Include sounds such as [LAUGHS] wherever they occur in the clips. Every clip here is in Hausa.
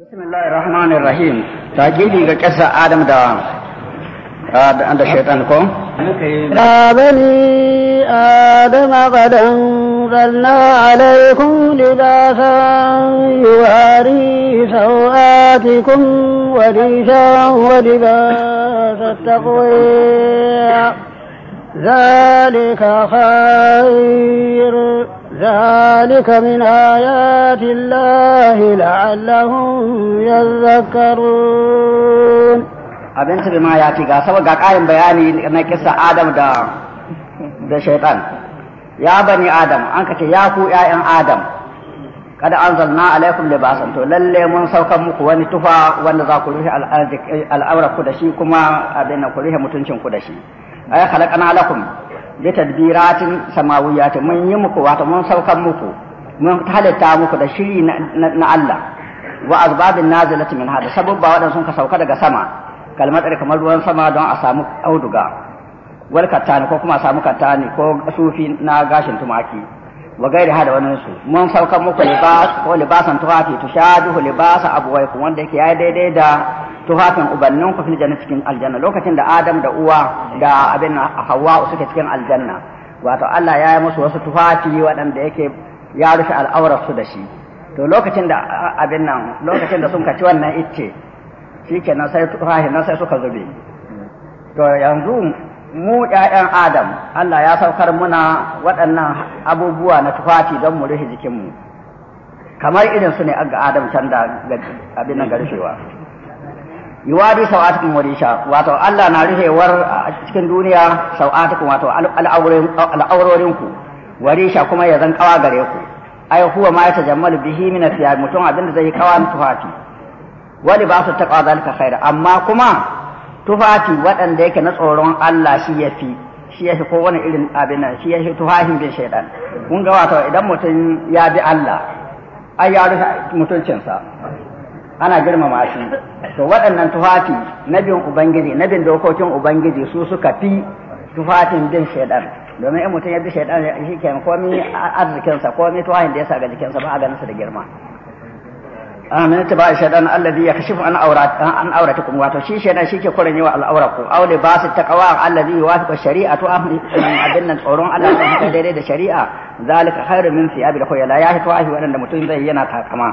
بسم الله الرحمن الرحيم تاجيدي قصة آدم دا هذا عند الشيطان كوم يا بني آدم قد أنزلنا عليكم لباسا يواري سوآتكم وريشا ولباس التقوي ذلك خير ذلك من آيات الله لعلهم يذكرون abin su ma ya ce ga saba ga ƙarin bayani na kisa Adam da da shaitan ya bani Adam an ka ce ya ku ƴaƴan Adam kada anzalna alaikum libasan to lalle mun saukar muku wani tufa wanda za ku rufe al'aura ku da shi kuma abin ku rufe mutuncin ku da shi ay khalaqana lakum bi tadbiratin samawiyat mun yi muku wato mun saukan muku mun halitta muku da shiri na Allah wa azbabin nazilati min hada sababba wadan sun ka sauka daga sama kalmar kamar ruwan sama don a samu auduga wal kattani ko kuma a samu kattani ko sufi na gashin tumaki wa gairi hada wani mun saukar muku libas ko libasan tufafi tushabihu libasa abuwaikum wanda yake yayi daidai da tufafin ubannin ku fil janna cikin aljanna lokacin da adam da uwa da abin hawa suke cikin aljanna wato Allah ya yi musu wasu tufafi waɗanda yake ya rufe al'aurarsu da shi to lokacin da abin nan lokacin da sun kaci wannan icce shikenan sai tufafin sai suka zube to yanzu mu yayan adam Allah ya saukar muna waɗannan abubuwa na tufafi don mu rufe jikinmu kamar irin su ne ga adam can da abin nan garfewa Yi sau'atukum sau'atun risha wato Allah na rufewar a cikin duniya sau'atun wato al'aurorin ku kuma ya zan kawa gare ku ai huwa ma jammalu bihi mina siya mutum abinda da zai kawa tufafi wani ba su taqwa zalika khair amma kuma tufafi waɗanda yake na tsoron Allah shi ya fi shi ya fi ko wani irin abin nan shi ya fi tufafin bin shaidan kun ga wato idan mutum ya bi Allah ai ya rufe mutuncinsa ana girmama shi to waɗannan tufafi na bin ubangiji na bin dokokin ubangiji su suka fi tufafin bin shaidan domin in mutum ya bi shaidan shi ke komi arzikinsa komi tufafin da ya sa ga jikinsa ba a ganin su da girma Amin ta min tibai shaytan alladhi yakshifu an awrat an kuma wato shi shaytan shike kuranye wa al'aurakum aw libas taqwa alladhi yuwafiqu amin abin nan tsoron Allah da haka daidai da shari'a zalika khairun min da khuyala ya hito ahi waɗanda mutum zai yana takama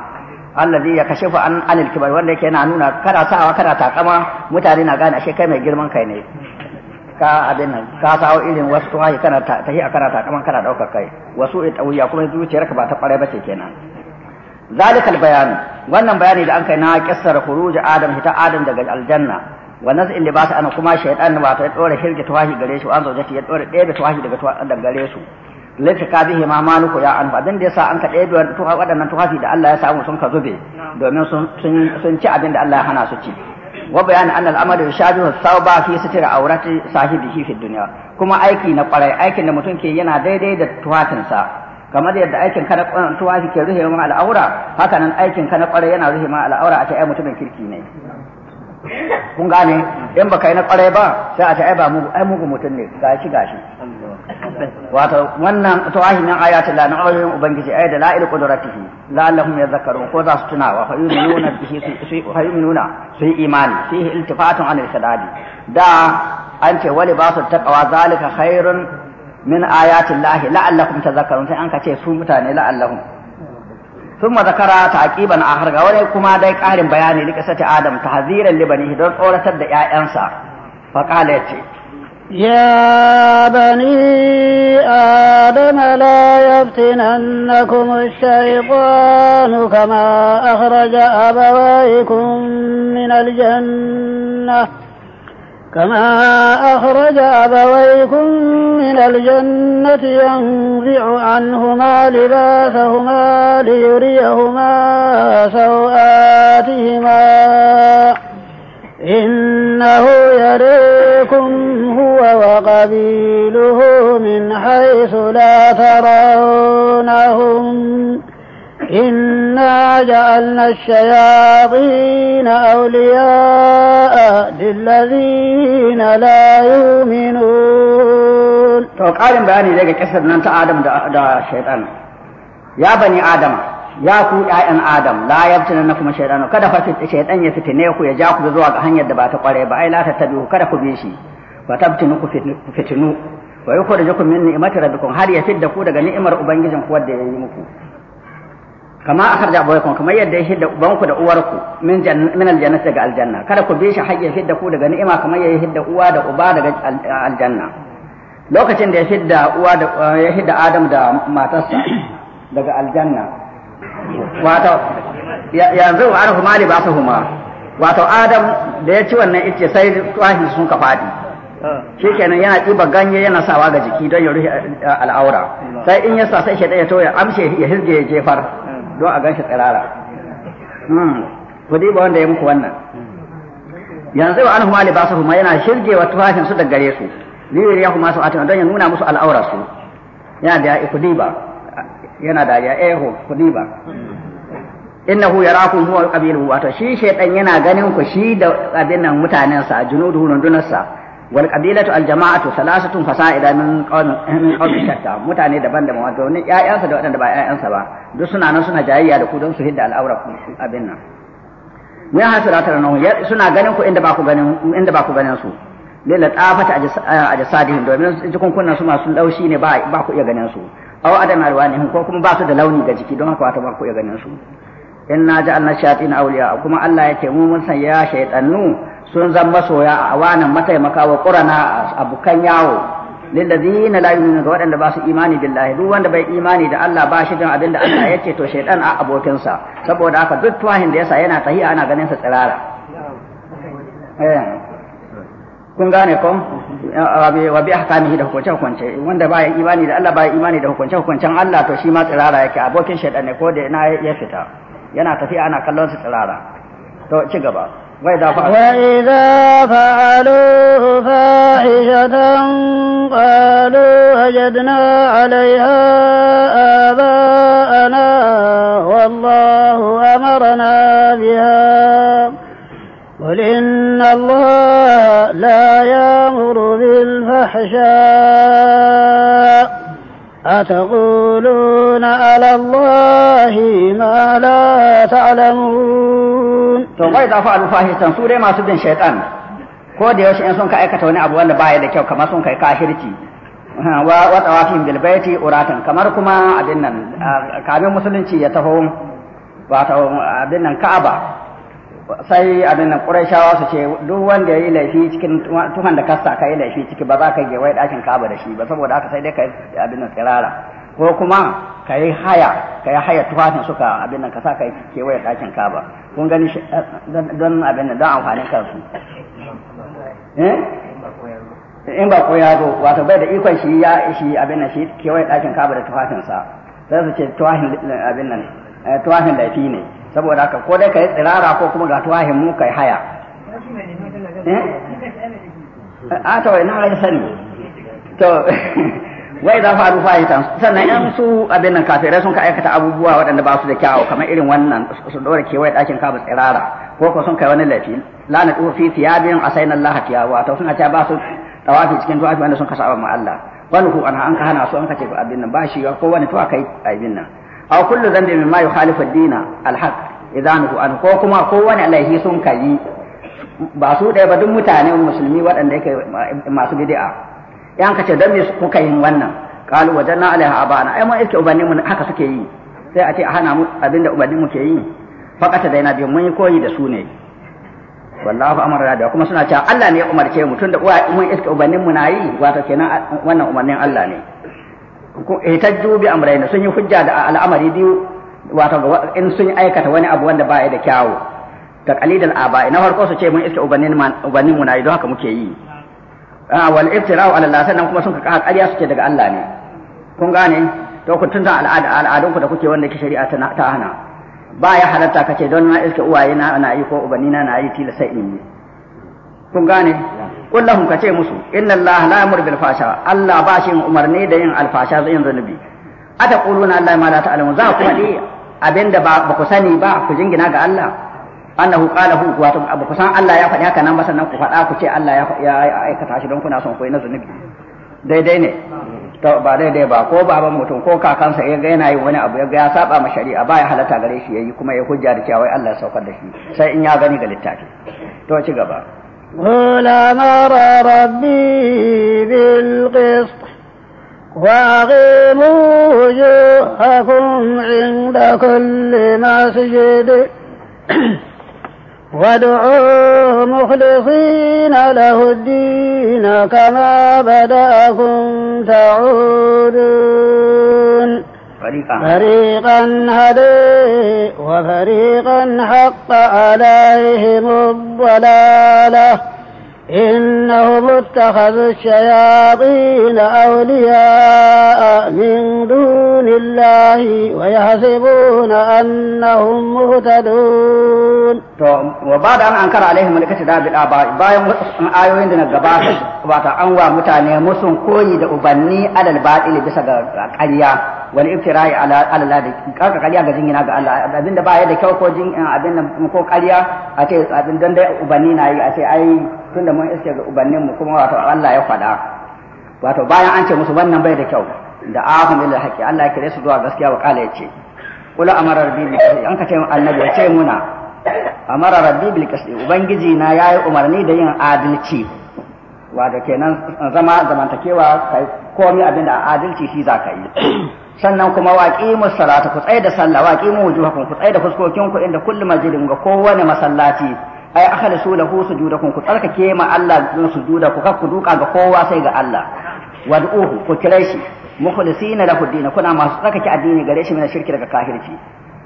alladhi yakshifu an anil kibar wanda yake yana nuna kada sawa kada takama mutane na gane ashe kai mai girman kai ne ka abin nan ka sawo irin wasu tuwahi kana tahi a kana takaman kana daukar kai wasu itawiya kuma zuciyarka ba ta ba bace kenan zalikal bayani wannan bayani da an kai na kissar khuruj adam hita adam daga aljanna wa nas in libasa ana kuma shaytan wato ya dora shirki tawahi gare shi an zauje ya dora ɗaya da tawahi daga daga gare su lati ka bihi ma maluku ya an abin da yasa an ka ɗaya da waɗannan tawahi da Allah ya samu sun ka zube domin sun sun ci abin da Allah ya hana su ci wa bayan anna al-amalu yushabihu thawba fi sitira awrati sahibihi fi dunya kuma aiki na kwarai aikin da mutum ke yana daidai da tuwatinsa kamar yadda aikin ka na tuwafi ke ruhe ma al'aura haka nan aikin ka na kwarai yana ruhe ma al'aura a ce ai mutumin kirki ne kun gane in baka yi na kwarai ba sai a ce ai ba mugu ai mugu mutum ne gashi gashi wato wannan tuwafi min ayatul la na'udhu ubangiji ay da la'il qudratihi la'allahum yadhakkarun ko za su tunawa wa yu'minuna bihi fa yu'minuna su yi imani fihi iltifatun anil shadabi da an ce wali ba su taqwa zalika khairun min ayatin lahi la'allakum tazakkarun sai an ka ce su mutane la'allahum thumma zakara taqiban akhar ga wani kuma dai ƙarin bayani li qisati adam tahziran li banihi don tsoratar da ƴaƴansa fa qala yace يا بني آدم لا يفتننكم الشيطان كما أخرج أبويكم من الجنة كما أخرج أبويكم من الجنة ينزع عنهما لباسهما ليريهما سوآتهما إنه يريكم هو وقبيله من حيث لا ترونهم إن إنا جعلنا الشياطين أولياء للذين لا يؤمنون to ƙarin bayani daga ƙasar nan ta Adam da shaitan ya bani Adam ya ku ƴaƴan Adam la na kuma shaitan kada fa shaitan ya fitine ku ya ja ku zuwa ga hanyar da ba ta kware ba ai la tattabi'u kada ku bi shi fa tabtinu ku fitinu wa yukhrijukum min ni'mati har ya fidda ku daga ni'imar ubangijin ku wanda ya yi muku kama akhraj abawaykum kamar yadda ya hidda ubanku da uwarku min min aljanna daga aljanna kada ku bi shi hayya hidda ku daga ni'ima kamar ya hidda uwa da uba daga aljanna lokacin da ya hidda uwa da ya hidda Adam da matarsa daga aljanna wato yanzu wa arhu mali ba su huma wato Adam da ya ci wannan ice sai tuwahin sun ka fadi shi kenan yana ɗiba ganye yana sawa ga jiki don ya rufe al'aura sai in ya sa sai shaɗa ya to ya amshe ya hirge ya jefar eh. don a ganshi tsirara hmm. ku ba wanda ya muku wannan yanzu wa anhuma libasuhu ma yana shirgewa tufafin su daga gare su liyar ya kuma su atin don ya nuna musu al'aura su yana da ku diba yana da ya eho ku diba innahu yarakum huwa qabiluhu wato shi shaytan yana ganin ku shi da abin nan mutanen sa junuduhu sa. والقبيلة الجماعة ثلاثة فصائد من قوم من قوم شتى متاني دبان دبان wato ne ƴaƴansa da waɗanda ba 'ya'yansa ba duk suna nan suna jayayya da ku don su hidda al'aura abin nan mun hasira tara nan suna ganin ku inda ba ku ganin inda ba ku ganin su lalla tsafata ajsadihim domin jikun su masu laushi ne ba ba ku iya ganin su aw adam arwanihim ko kuma ba su da launi ga jiki don haka wato ba ku iya ganin su inna ja'alna shayatin awliya kuma Allah ya ce mu mun san ya shaytanu sun zan masoya a wanan mataimaka wa qurana abukan yawo lillazina la yu'minu ga waɗanda ba su imani billahi duk wanda bai imani da Allah ba shi jin abin da Allah yake to shaytan a abokin sa saboda haka duk tuwahin da yasa yana tahiya ana ganin sa tsirara eh kun gane ko wa bi ahkamihi da hukunce hukunce wanda ba ya imani da Allah ba ya imani da hukunce hukuncen Allah to shi ma tsirara yake abokin shaytan ne ko da ina ya fita yana tafiya ana kallon sa tsirara وإذا فعلوا فاحشة قالوا وجدنا عليها آباءنا والله أمرنا بها قل إن الله لا يأمر بالفحشاء أتقولون على الله ما لا تعلمون to wai zafi alfahisan su dai masu bin shaitan ko da yaushe in sun ka aikata wani abu wanda baya da kyau kamar sun kai kafirci wa wa tawafin bil baiti uratan kamar kuma abin nan kamin musulunci ya taho wato abin nan Ka'aba sai abin nan quraishawa su ce duk wanda yayi laifi cikin tuhan da kasta kai laifi ciki ba za ka je wai dakin Ka'aba da shi ba saboda haka sai dai kai abin nan tsirara ko kuma ka yi haya ka yi haya tufafin suka abin nan ka sa kewaye ɗakin kaba kun gani eh, don abin nan don amfanin kansu eh? in ba ko ya zo wato bai da ikon shi ya shi abin nan shi kewaye ɗakin kaba da sa sai su ce tufafin abin nan eh, tufafin laifi ne saboda haka ko dai ka yi tsirara ko kuma ga tufafin mu ka yi haya a ah, to ina ga sani to [LAUGHS] wa idza fa'alu fa'itan sannan in su abin nan kafirai sun ka aikata abubuwa waɗanda ba su da kyawu kamar irin wannan su dora kewaye ɗakin kaba tsirara ko ko sun kai wani lafi lana tu fi thiyabin asayna Allah tiyawa to suna ta ba su tawafi cikin tawafi wanda sun kasaba ma Allah wani ku anha an ka hana su an kace abin nan ba shi ko wani to kai abin nan aw kullu dhanbi mimma yukhalifu ad-dina al-haq idhanuhu an ko kuma ko wani laifi sun kai ba su ɗaya ba duk mutanen musulmi waɗanda yake masu bid'a yan ka ce dan me kuka yin wannan qalu wajanna alaiha abana ai mun iske ubanni mun haka suke yi sai a ce a hana mu abinda ubanni mu ke yi faqata yana biyu mun yi koyi da su ne wallahu amara da kuma suna cewa Allah ne ya umarce mu tunda uwa mun iske ubannin mu na yi wato kenan wannan umarnin Allah ne ihtajju bi amrayna sun yi hujja da al'amari biyu wato in sun aikata wani abu wanda ya da kyawu taqlidal aba na farko su ce mun iske ubannin ubannin mu na yi don haka muke yi Ah, wal iftira'u ala Allah sannan kuma sun ka kaha ƙarya suke daga Allah ne kun gane to ku tunta al'ada al'adun ku da kuke wanda ke shari'a ta hana ba ya halatta kace don na iske uwaye na na yi ko ubani na na yi sai in yi kun gane qul kace musu inna Allah la yamur bil fasha Allah ba shi umarni da yin alfasha zai yin zanubi ata quluna Allah ma la ta'lamu za ku faɗi abinda ba ku sani ba ku jingina ga Allah annahu qala hu wato abu kusan Allah ya faɗi haka nan ba sannan ku faɗa ku ce Allah ya ya aikata shi don kuna son ku na zunubi daidai ne to ba daidai ba ko baban mutum ko kakansa ya ga yana yin wani abu ya ga ya saba ma shari'a ba ya halatta gare shi yayi kuma ya hujja da cewa wai Allah ya saukar da shi sai in ya gani ga littafi to ci gaba قل أمر ربي بالقسط وأقيموا وجوهكم عند كل مسجد وادعوه مخلصين له الدين كما بدأكم تعودون فريقا, فريقا هدي وفريقا حق عليهم الضلاله إنهم اتخذوا الشياطين أولياء من دون الله ويحسبون أنهم مهتدون وبعد أن أنكر عليهم ملكة داب الآباء بايم آيوين دون الغباس واتا أنوى متاني مسون كوي دا أبني على الباطل بسا قريا والابتراء على على الله كاكا قريا غزينا غا الله abinda ba ya da kyau ko jin abin ko ƙarya a ce abin dan dai ubani na yi a ai tunda mun iske ga ubannin mu kuma wato Allah ya faɗa wato bayan an ce musu wannan bai da kyau da ahum ila haqi Allah ya kire su zuwa gaskiya wa kala yace qul amara rabbi bil qisti an kace annabi ya ce muna amara rabbi bil qisti ubangiji na yayi umarni da yin adalci wato kenan zama zamantakewa kai komai abinda adalci shi za yi sannan kuma waƙi salata ku tsaye da sallah waƙi mu wujuhakum ku tsaye da fuskokinku inda kullu majidin ga kowane masallaci ay akhlisu lahu sujudakum ku tsarkake ma Allah sujuda ku ku duka ga kowa sai ga Allah wad'uhu ku kira shi mukhlisina lahu dinu kuna masu tsarkake addini gare shi min shirki daga kafirci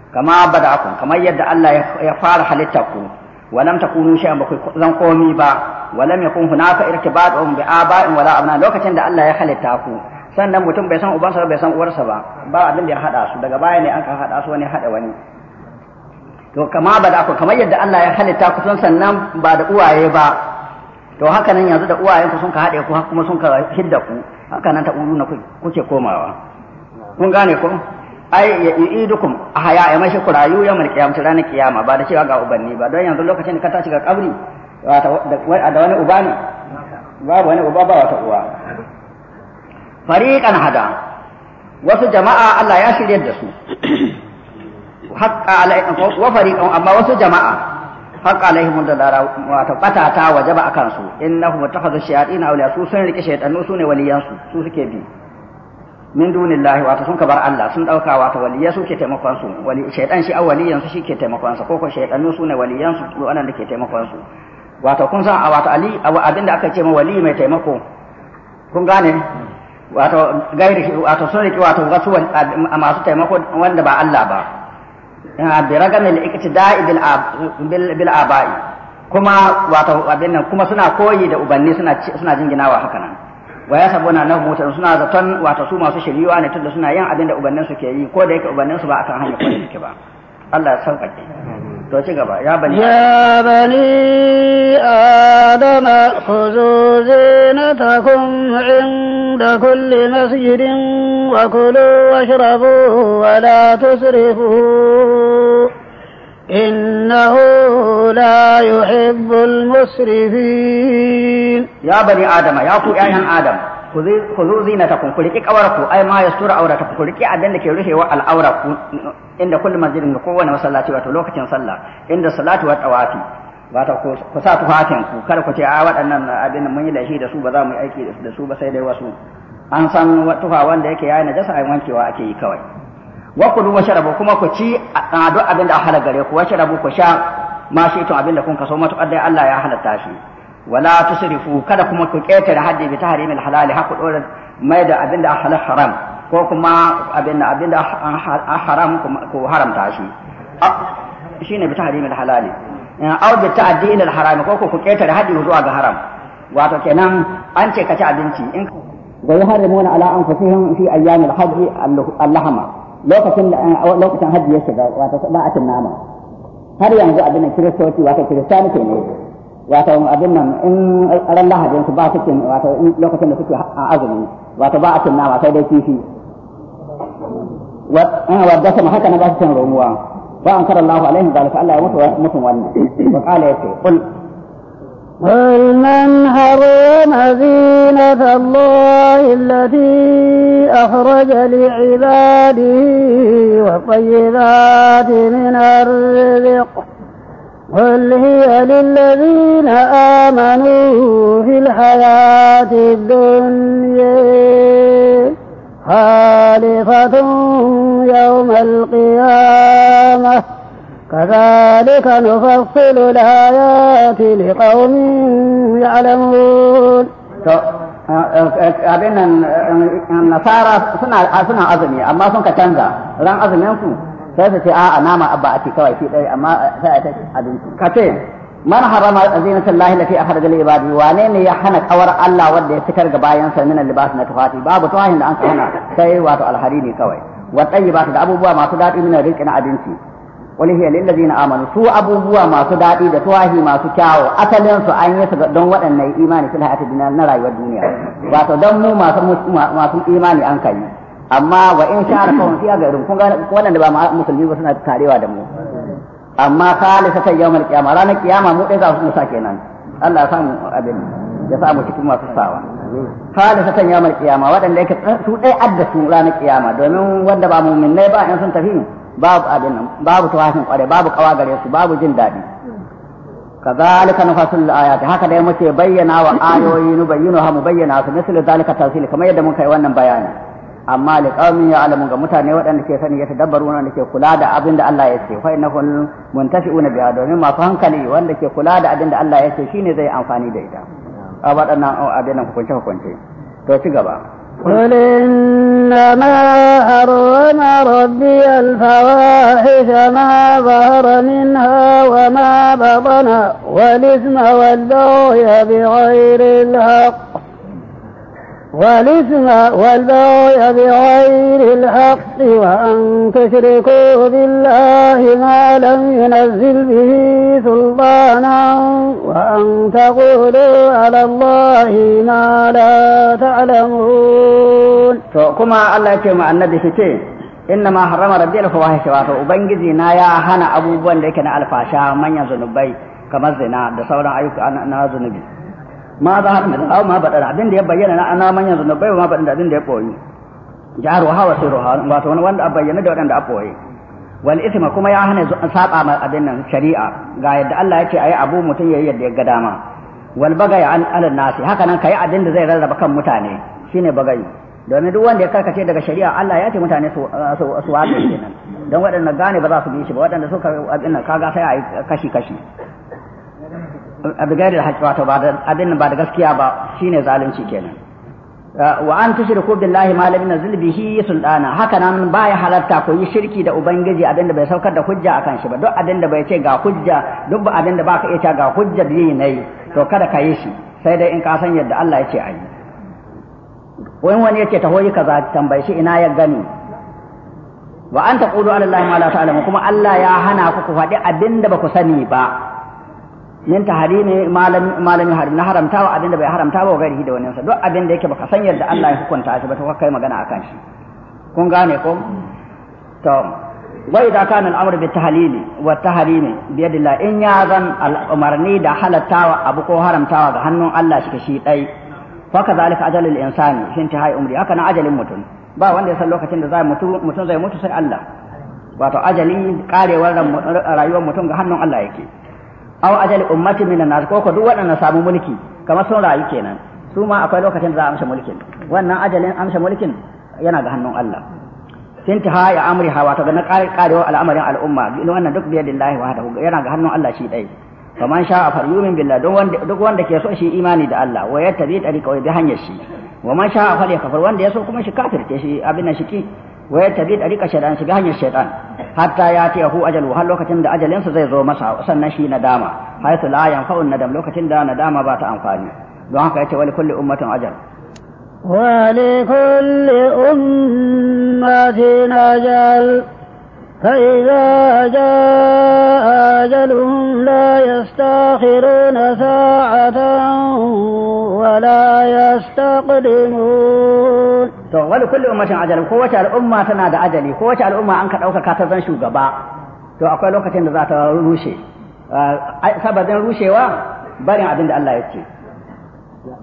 kama bada'akum kamar yadda Allah ya fara halitta ku wa lam takunu shay'an ba ku zan komi ba wa lam yakun hunaka irtibatun bi aba'in wala abna lokacin da Allah ya halitta ku sannan mutum bai san ubansa bai san uwarsa ba ba abin da ya hada su daga baya ne an ka hada su wani hada wani to kama ba da ku kamar yadda Allah ya halitta ku tun sannan ba da uwaye ba to haka nan yanzu da uwayen ku sun ka haɗe ku kuma sun ka hidda ku haka nan ta ku kuke komawa kun gane ko ai ya idukum ahaya ya mashi ku rayu ya mulki ya mutu ranar kiyama ba da cewa ga ubanni ba don yanzu lokacin da ka tashi ga kabri da wani uba ne babu wani uba ba wata uwa fariqan hada wasu jama'a Allah ya shirye da su haqqa alaihim wa fariqan amma wasu jama'a haqqa alaihim dalara wato ta wajaba akan su innahu mutakhadhu shayatin awliya su sun rike shaytanu su ne waliyan su su suke bi min dunillahi wato sun kabar Allah sun dauka wato waliya su ke taimakon su wali shaytan shi awliyan su ke taimakon su koko shaytanu su ne waliyan su wannan da ke taimakon su wato kun san wato ali abinda aka ce ma wali mai taimako kun gane wato gairi wato sun rike wato wasu masu taimako wanda ba Allah ba mai ragamil da'i bil aba'i kuma wato abin nan kuma suna koyi da ubanni suna suna jinginawa haka nan wa ya sabo na mutan suna zaton wato su masu shiriyuwa ne tunda suna yin abin da ubannin su ke yi ko da yake ubannin su ba kan hanyar kwarai suke ba Allah ya sauƙaƙe to ci gaba ya bani ya bani adama khuzu zinatakum inda kulli masjidin wa kulu washrabu wa la tusrifu إنه لا يحب المسرفين يا بني آدم يا أخو آدم ku zu zinatakum ku riƙi ƙawarku ai ma yastura auratakum ku riƙi abin da ke rufewa al'aura ku inda kullu masjidin ga kowane masallaci wato lokacin sallah inda salatu wa tawafi wato ku sa tufafin ku kada ku ce a waɗannan abin mun yi lashi da su ba za mu yi aiki da su ba sai dai wasu an san tufa wanda yake yayi najasa ai wankewa ake yi kawai wa ku wa sharabu kuma ku ci duk abin da a gare ku wa sharabu ku sha ma shi to abin da kun kaso matuƙar dai Allah ya halatta shi wala tusrifu kada kuma ku ketare haddi bi tahrimil halal haku dora mai da abinda halal haram ko kuma abinda abinda haram ku haramta shi shine bi tahrimil halal aw bi ta'addi ila al haram ko ku ketare haddi zuwa ga haram wato kenan an ce ka ci in wa yuharrimuna hajji allahama lokacin lokacin hajji ya shiga wato ba a cin nama har yanzu abin kiristoci wato kiristani ne wato abin nan in ran lahadin su ba su cin wato lokacin da suke a azumi wato ba a cin nama sai dai kifi wa wa da sama haka na ba su cin romuwa wa an kara Allahu alaihi zalika Allah ya mutu wa mutu wannan wa qala yace qul قل من حرم زينة الله التي أخرج لعباده والطيبات من الرزق قل هي للذين آمنوا في الحياة الدنيا خالفة يوم القيامة كذلك نفصل الآيات لقوم يعلمون abin النصارى سنة suna أما سنة sun لن canza ran sai su ce a'a nama abba a ce kawai shi ɗaya amma sai a ta abinci ka ce man harama zinatul lahi lati akhraja lil ibadi wane ne ya hana kawar Allah wanda ya fitar ga bayan sa min libas na tufafi babu tufahin da an ka hana sai wato alhari ne kawai wa tayyibatu da abubuwa masu daɗi min rizqin abinci wani hiyar lil ladina amanu su abubuwa masu daɗi da tuwahi masu kyawo asalin su an yi su don waɗannan imani fil na rayuwar duniya wato don mu masu masu imani an kai amma wa in sha arfa ga irin kun ga wannan da ba musulmi ba suna tarewa da mu amma khalisatan yawmal qiyama ranar kiyama mu dai za mu sa kenan Allah ya samu abin ya samu cikin masu sawa khalisatan yawmal qiyama wadanda yake su dai adda su ranar kiyama domin wanda ba mu'minnai ba in sun tafi babu abin babu tawafin kware babu kawa gare su babu jin dadi كذلك نفصل الآيات هكذا يمشي بينا وآيوين بينها مبينات مثل ذلك التفصيل كما يدمون كيوانا بيانا amma li qaumin ya'lamun ga mutane waɗanda ke sani ya tadabbaru wanda ke kula da abin da Allah ya ce fa innahum muntafi'una biha domin masu hankali wanda ke kula da abin da Allah ya ce shine zai amfani da ita a waɗannan abin nan hukunce hukunce to ci gaba قل إنما حرم ربي الفواحش ما ظهر منها وما بطن والإثم والبغي بغير الحق والإثم والبغي بغير الحق وأن تشركوا بالله ما لم ينزل به سلطانا وأن تقولوا على الله ما لا تعلمون كما الله كما النبي شتي إنما حرم ربي الفواحش واتو وبنجزي نايا هنا أبو بن لكن الفاشا من يزنبي كما زنا دسولا sauran أنا na ma ba haka aw ma badara abin da ya bayyana na ana yanzu na bai ma badin da abin da ya koyi jaru hawa sai ruha wato wanda bayyana da wadanda a koyi wal isma kuma ya hana saba ma abin nan shari'a ga yadda Allah yake ayi abu mutum yayi yadda ya ga dama wal bagaya an alal nasi haka nan kai abin da zai rarraba kan mutane shine bagayi domin duk wanda ya karkace daga shari'a Allah ya ce mutane su su wato kenan don waɗanda gane ba za su bi shi ba waɗanda suka abin nan kaga sai ayi kashi kashi bigari da haƙƙi wato abin ba da gaskiya ba shi ne zalunci kenan uh, wa an tushriku billahi ma lam yunzil bihi sultana haka nan baya halarta ko yi shirki da ubangiji abin da bai saukar da hujja akan shi ba duk abin da bai ce ga hujja duk abin da baka iya ga hujja da yi yi to kada ka yi shi sai dai in ka san yadda Allah a ayi wani wani ta taho yi kaza tambayi shi ina ya gani wa an ta ƙudu kuma Allah ya hana ku ku faɗi abin da ba ku sani ba min taharimi malami malami na haramta wa abinda bai haramta ba gari da wannan sa duk abinda yake baka san yadda Allah ya hukunta shi ba to kai magana akan shi kun gane ko to wa da kana al bi tahlili wa tahrimi bi in ya zan al'umarni da halattawa abu ko haramtawa ga hannun Allah shi shi dai fa kadhalika ajalul insani shin tahai umri haka na ajalin mutum ba wanda ya san lokacin da zai mutu mutum zai mutu sai Allah wato ajali karewar rayuwar mutum ga hannun Allah yake aw ajali ummati minan nas ko ko duk waɗannan samu mulki kamar sun rayu kenan su ma akwai lokacin da za a amsa mulkin wannan ajalin amsa mulkin yana ga hannun Allah tintaha ya amri hawa to ga na karewa al'amarin al'umma wannan duk biyar lillahi wahdahu yana ga hannun Allah shi dai faman sha'a falyumin billah duk wanda duk wanda ke so shi imani da Allah wa yattabi tariqa wa bi hanyar shi wa man sha'a kafar wanda ya so kuma shi kafirce shi abin nan shi ki wa yattabi tariqa shaytan shi bi hanyar shaytan حتى ياتي هو اجل وهل لو كتند اجل ينسى زي زوما سنة شي ندامة حيث لا ينفع الندم لو كتند ندامة بات انفاني دعاك ايتي ولكل امة اجل ولكل امة اجل فإذا جاء أجلهم لا يستاخرون ساعة ولا يستقدمون to wani kulli ummatin ajali ko wace al'umma tana da ajali ko wace al'umma an ka ɗaukaka ta zan shugaba to akwai lokacin da za ta rushe eh, sabadin rushewa barin abin da Allah ya ce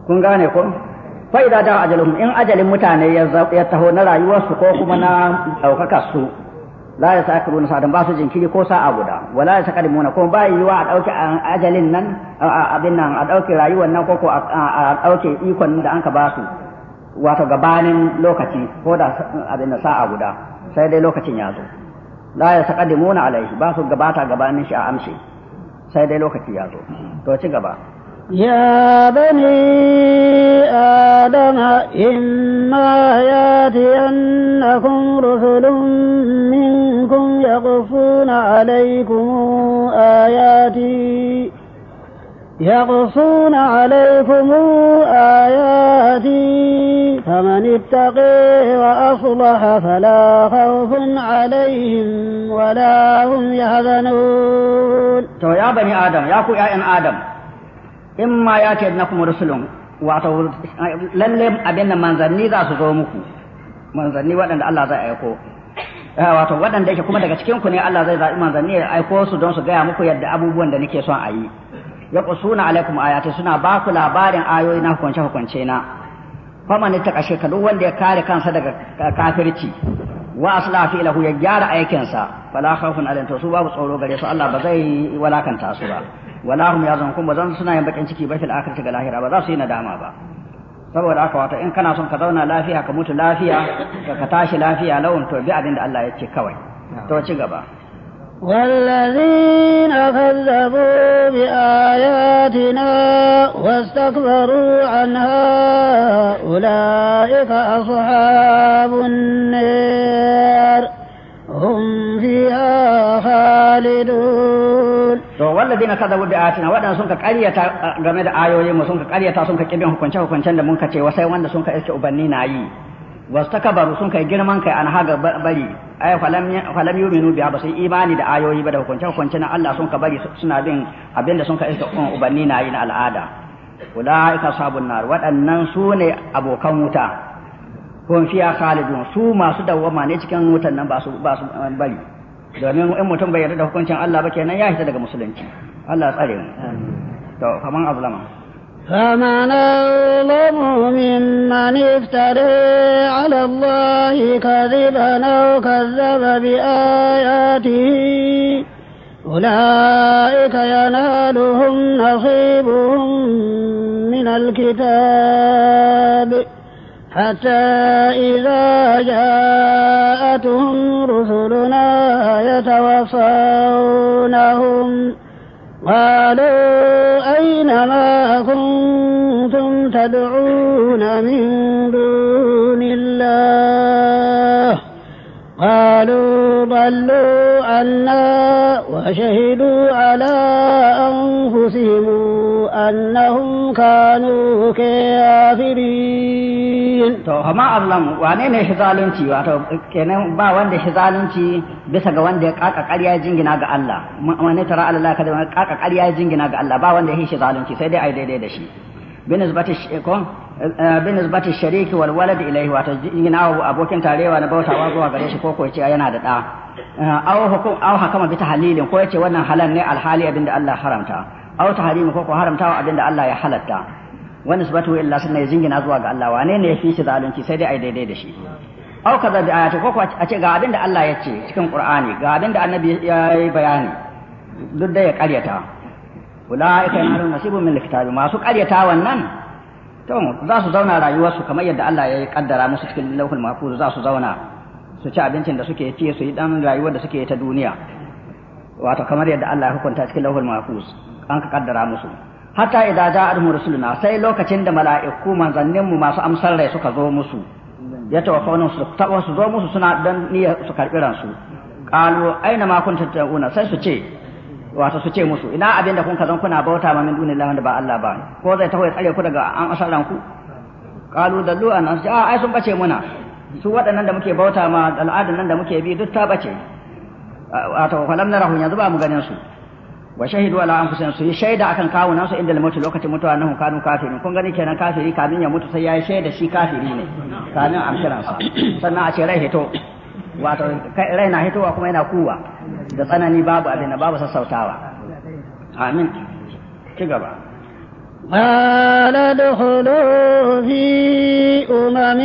kun gane ko fa idza da ajalum in ajalin mutane ya taho na rayuwarsu ko kuma na ɗaukaka su la ya sakiruna sadan ba su jinkiri ko sa'a guda wala ya sakadimuna ko ba yiwa a dauke ajalin nan abin nan a dauke rayuwar nan ko ko a dauke ikon da anka ba su wato gabanin lokaci ko da abin da sa'a guda sai dai lokacin ya zo la ya taqaddimuna alaihi ba su gabata gabanin shi a amshi sai dai lokaci ya zo to ci gaba يا بني آدم إما ياتينكم رسل منكم يقصون عليكم آياتي يقصون عليكم آياتي فمن اتقي وأصلح فلا خوف عليهم ولا هم يحزنون تو يا بني آدم يا كو يا إن آدم إما ياتي ابنكم رسل wato lalle abin nan manzanni za su zo muku manzanni waɗanda Allah zai aiko eh, wato waɗanda yake kuma daga cikin ku ne Allah zai zaɓi manzanni ya aiko su don su gaya muku yadda abubuwan da nake son a yi kusuna alaikum ayati suna ba ku labarin ayoyi na hukunce hukunce na faman ta kashe ka duk wanda ya kare kansa daga kafirci wa asla fi lahu ya gyara aikin sa fala khawfun alaihim to su babu tsoro gare su Allah ba zai walakanta su ba wala hum yazun kun bazan suna yin bakin ciki ba fil akhirati ga lahira ba za su yi nadama ba saboda haka wato in kana son ka zauna lafiya ka mutu lafiya ka tashi lafiya lawan to bi abin da Allah ya ce kawai to ci gaba والذين كذبوا بآياتنا واستكبروا عنها أولئك أصحاب النار هم فيها خالدون to walladina kadabu bi ayatina wadanda sun ka game da ayoyin mu sun ka ƙaryata sun ka kibin hukunce hukuncen da mun ka ce wasai wanda sun ka iske ubanni na yi wastakbaru sun kai girman kai an haga bari ay falam falam yu'minu bi abasin imani da ayoyi ba da hukunce hukunce na Allah sun ka bari suna bin abinda sun ka iska ubanni na yi na al'ada ulaika sabun nar waɗannan su ne abokan wuta kun fiya khalidun su masu dawwama ne cikin wutan nan ba su ba su eh, bari domin in mutum bai yarda da hukuncin Allah ba kenan ya hita daga musulunci Allah tsare mu to kaman azlama فمن أظلم ممن افتري على الله كذبا أو كذب بآياته أولئك ينالهم نصيبهم من الكتاب حتى إذا جاءتهم رسلنا يتوفونهم قالوا أين ما كنتم تدعون من دون الله قالوا ضلوا عنا وشهدوا على أنفسهم أنهم كانوا كافرين shi to amma azlam wane ne shi zalunci wato kenan ba wanda shi zalunci bisa ga wanda ya kaka ƙarya jingina ga Allah wani tara Allah kada wani kaka ƙarya jingina ga Allah ba wanda ya shi zalunci sai dai ai daidai da shi binisbati ko eh, binisbati shariki wal walad ilayhi wato jingina wa abokin tarewa na bautawa zuwa gare shi ko ko ce yana da da eh, aw hukum aw hakama bi tahlilin ko yace wannan halal ne alhali abinda Allah haramta aw tahrimi ko ko haramtawa abinda Allah ya halatta wani su batu illa sunna ya jingina zuwa ga Allah wane ne ya fi shi zalunci sai dai a daidai da shi au kaza bi ce, ko a ce ga abin da Allah ya ce cikin Qur'ani ga abin da Annabi ya yi bayani duk da ya karyata ulaika yanarun nasibu min alkitabi masu karyata wannan to za su zauna rayuwarsu kamar yadda Allah ya kaddara musu cikin lauhul mahfuz za su zauna su ci abincin da suke ci su yi dan rayuwar da suke ta duniya wato kamar yadda Allah ya hukunta cikin lauhul mahfuz an ka kaddara musu hatta idza ja'ahum rusuluna sai lokacin da mala'iku manzannin mu masu amsar rai suka zo musu ya tawaffawna su tawa su zo musu suna dan niyyar su karbi ransu qalu aina ma kunta ta'una sai su ce wato su ce musu ina abin da kun ka zan kuna bauta ma min dunillahi da ba Allah ba ko zai tawaye tsare ku daga an asar ranku qalu dallu an asja ah, ai sun bace muna su waɗannan da muke bauta ma al'adun nan da muke bi duk ta bace wato falam narahu yanzu ba mu ganin su wa shahidu ala anfusihim su yi shaida akan kawunan su inda lamatu lokacin mutuwa nan kanu kafiri kun gani kenan kafiri kamin ya mutu sai yi shaida shi kafiri ne kamin amsharan sa sannan a ce rai hito wato rai na hitowa kuma yana kuwa da tsanani babu abin da babu sassautawa amin ci gaba ما ادخلوا في أمم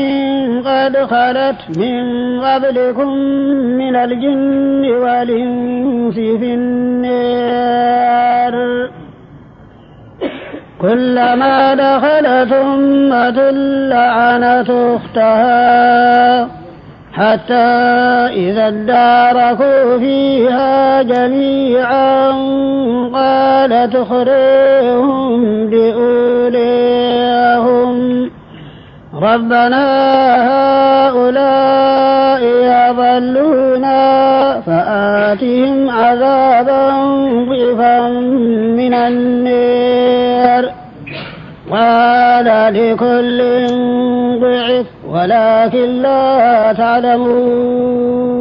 قد خلت من قبلكم من الجن والإنس في النار كلما دخلت أمة لعنت أختها حتى إذا اداركوا فيها جميعا قالت اخريهم لأوليهم ربنا هؤلاء يضلونا فآتهم عذابا ضعفا من النار قال لكل ضعف ولكن لا تعلمون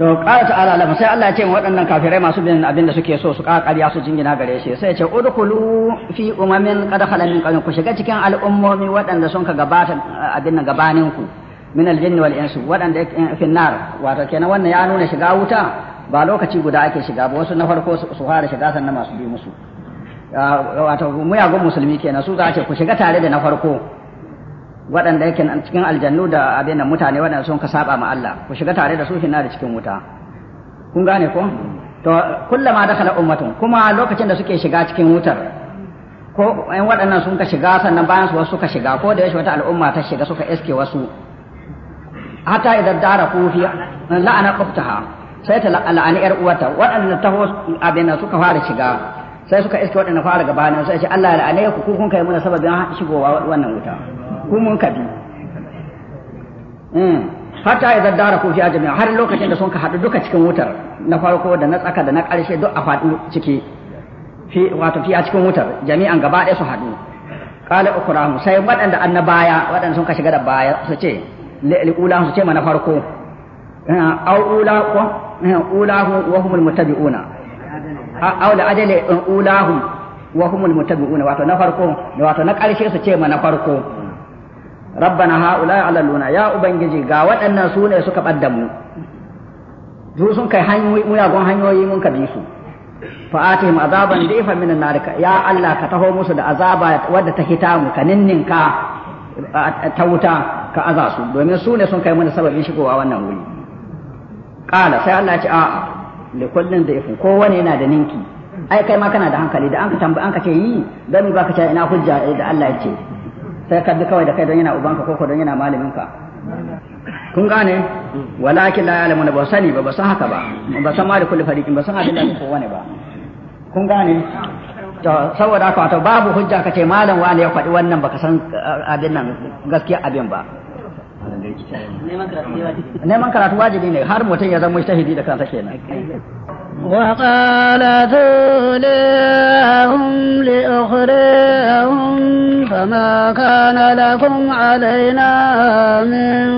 to qala ta'ala lam sai Allah ya ce waɗannan kafirai masu bin abin da suke so su ƙara ƙarya su jingina gare shi sai ya ce udkhulu fi umamin qad khala min qablikum ku shiga cikin al'ummomi waɗanda sun ka gabata abin nan gabanin ku min al-jinni wal insu waɗanda finnar wato kenan wannan ya nuna shiga wuta ba lokaci guda ake shiga ba wasu na farko su fara shiga sannan masu bi musu Ah, wato muyagun musulmi kenan su za ce ku shiga tare da na farko waɗanda yake cikin aljannu da abin mutane waɗanda sun ka saba ma Allah ku shiga tare da su hinna da cikin wuta kun gane ko to kullama dakala ummatun kuma lokacin da suke shiga cikin wutar ko ɗan waɗannan sun ka shiga sannan bayan su wasu suka shiga ko da yashi wata al'umma ta shiga suka iske wasu hatta idan dara kufi la'ana qaftaha sai ta la'ana yar uwarta waɗanda taho abin da suka fara shiga sai suka iske waɗanda fara gabanin sai ce Allah la'ane ku ku kun kai muna sababin shigowa wannan wuta ku mun kafi hmm. hatta idza dara ku fi ajami har lokacin da sun ka hadu duka cikin wutar na farko da na tsaka da na ƙarshe duk a faɗu ciki fi wato fi a cikin wutar jami'an gaba ɗaya su hadu qala ukrahum sai waɗanda annabaya waɗanda sun ka shiga da baya su ce li'ula su ce mana farko hmm. au ula ko hmm. ula wa humul mutabi'una aw la ajali ulahum wa humul mutabi'una wato na farko wato na karshe su ce ma na farko rabbana haula ala luna ya ubangiji ga waɗannan su ne suka badda mu sun kai hanyoyi muyagun hanyoyi mun ka bi su fa atihim azaban difan minan nar ya allah ka taho musu da azaba wadda ta hita mu ka ninninka ta wuta ka aza su domin su ne sun kai mana sababin shigowa wannan wuri qala sai allah ce a'a da kullun da ifin kowane yana da ninki ai kai ma kana da hankali da an ka tambaye an ka ce yi dan ba ka ce ina hujja da Allah ya ce sai ka bi kawai da kai don yana ubanka ko ko don yana malamin ka kun gane walakin la ya'lamu ba sani ba ba san haka ba ba san ma da kulli fariqin ba san abin da kowane ba kun gane To saboda haka wato babu hujja ka ce malam wani ya faɗi wannan baka san eh, abin nan gaskiya abin ba neman karatu wajibi ne har mutum ya zama mujtahidi da kansa kenan وقال ثولاهم فما كان لكم علينا من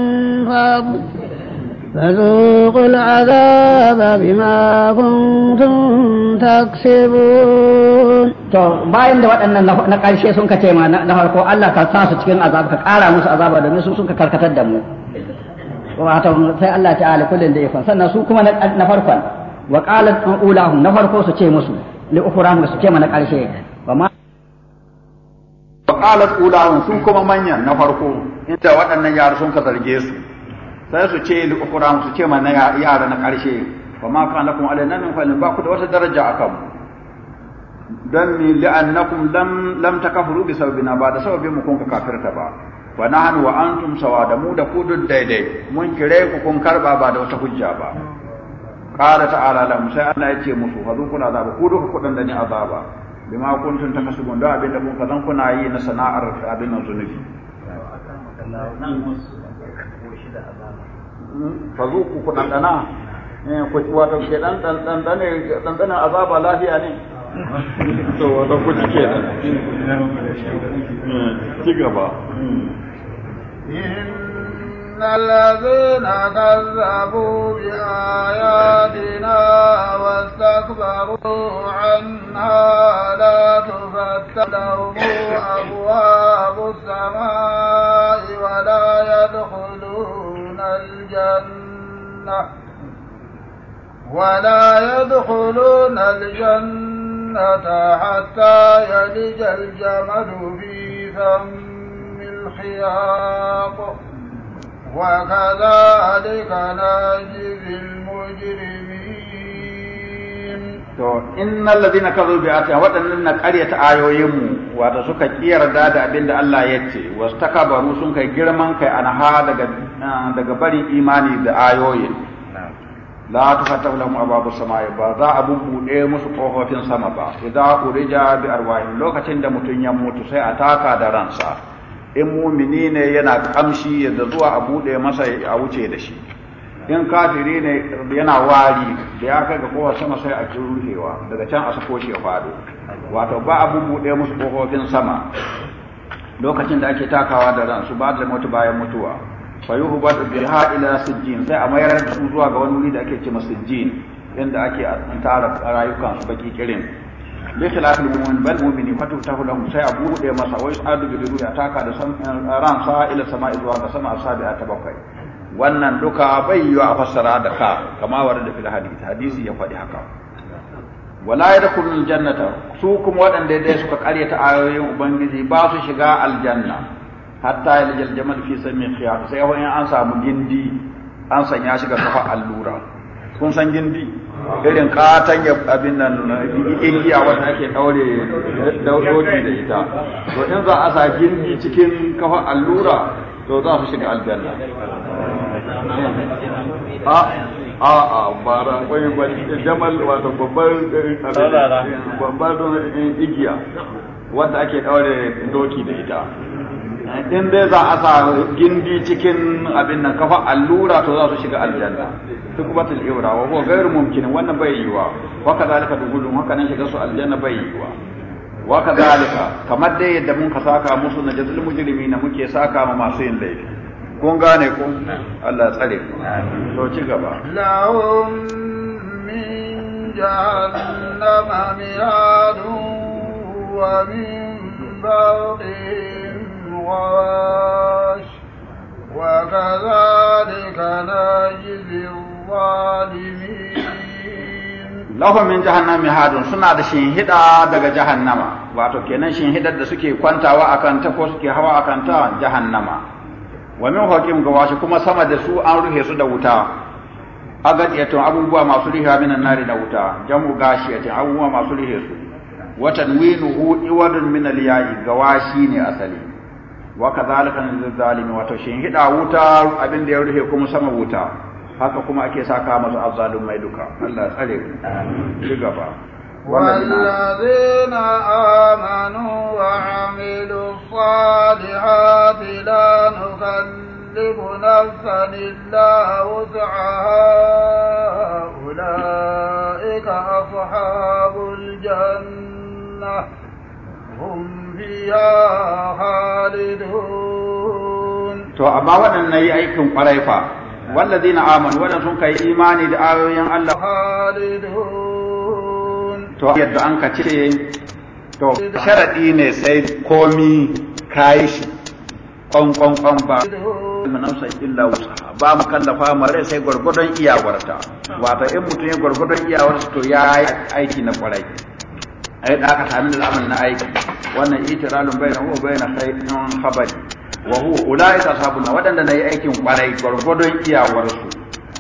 فضل فذوقوا العذاب بما كنتم تكسبون to bayan da waɗannan na ƙarshe sun ka ma na farko Allah ka sa su cikin azab ka ƙara musu azaba domin su sun ka karkatar da mu wato sai Allah ta'ala kullun da yakon sannan su kuma na farkon wa qalat ulahum na farko su ce musu li ukhrahum su ce ma na ƙarshe wa wa qalat ulahum sun kuma manyan na farko inda waɗannan yar sun ka zarge su sai su ce li ukura su ce mana yara na karshe fa ma kana lakum alaina min ne ba ku da wata daraja akan dan ni li'annakum lam lam takafuru bi sababina ba da sababin mu kun ka kafirta ba wa nahnu wa antum sawada mu da ku duk daidai mun kire ku kun karba ba da wata hujja ba qala ta'ala la sai Allah ce musu hazu kuna azaba ku duka kudan da ni azaba bima kuntum takasubun da abinda ka kazan kuna yi na sana'ar abin nan zunubi fazuku ku dandana ku wato ke dan dan dandane azaba lafiya ne to wato ku cike ci gaba إن الذين كذبوا بآياتنا واستكبروا عنها لا تفتح لهم أبواب السماء ولا يدخلون الجنة ولا يدخلون الجنة حتى يلج الجمل في فم الخياط وكذلك نجزي المجرمين to innal ladina kadhabu bi a, wadannan na qaryata ayoyinmu wato suka yarda da abin da Allah ya ce wasu wastakbaru sun kai girman kai anha daga daga barin imani da ayoyin la tufattahu mu ababu samai ba za a bubbude musu kofofin sama ba idza urija bi arwahin lokacin da mutum ya mutu sai a taka da ransa in mumini ne yana kamshi yadda zuwa a buɗe masa a wuce da shi in kafiri ne yana wari da ya kai ga kowa sama sai a ruhewa daga can a sako shi ya faɗo wato ba a buɗe musu kofofin sama lokacin da ake takawa da ransu ba da mutu bayan mutuwa fa yuhu ba da biha ila sijjin sai a mayar da su zuwa ga wani wuri da ake ce sijjin inda ake tara rayukan su baki kirin bi khilaf mumin bal mu'mini fatu ta sai a buɗe masa wai sadu bi ruya taka da ran sa ila sama'i zuwa ga sama asabi ta bakwai wannan duka bai yi a fassara da ka kama wa da fil hadisi hadisi ya faɗi haka wala ya yadkhulul jannata su kuma waɗanda dai suka ta ayoyin ubangiji ba su shiga aljanna hatta yaljal jamal fi sami khiyar sai in an samu gindi an sanya shi ga kafa allura kun san gindi irin katan ya abin nan igiya wanda ake daure dauki da ita to in za a sa gindi cikin kafa allura to za su shiga aljanna a'a ba rakwai ba jamal wato babbar eh, babban igiya wanda ake daure doki da ita in dai za a sa gindi cikin abin nan kafa allura to za su shiga aljanna tukbatul ibra wa ko gairu mumkin wannan bai yiwa wa kadhalika dukhulun haka nan shiga su aljanna bai yiwa wa zalika kamar dai yadda mun ka saka musu na najzul na muke saka ma masu yin laifi kun gane ku Allah tsare ku to ci gaba lahum min jahannama mi'adu wa min ba'in wa غواش وكذلك نجزي الظالمين لهم من جهنم هاد suna da shin hida daga jahannama wato kenan shin hidar da suke kwantawa akan ta ko suke hawa akan ta jahannama wa min ga washi kuma sama da su an ruhe su da wuta ya to abubuwa masu riha minan nari da wuta jamu gashi ya ce abubuwa masu ruhe su wa hu iwadun min al ga gawashi ne asali wa kadhalika lil-zalimi to shin hida wuta abin da ya ruhe kuma sama wuta haka kuma ake saka masu mai duka Allah tsare ku ci gaba والذين آمنوا وعملوا الصالحات لا نكلف نفسا إلا وسعها أولئك أصحاب الجنة هم فيها خالدون تو أما ودن أيكم قريفا والذين آمنوا ودن سنك إيماني دعاوين الله خالدون to yadda an ka ce to sharaɗi ne sai komi kayi shi ƙwanƙwanƙwan ba manamsa illa wasa ba mu kallafa mu rai sai gwargwadon iyawarta wato in mutum ya gwargwadon iyawarta to ya yi aiki na kwarai ai da aka sami al'amari na aiki wannan itiralun bai na huwa bai na khairin khabari wa huwa na waɗanda na yi aikin kwarai gwargwadon iyawarsu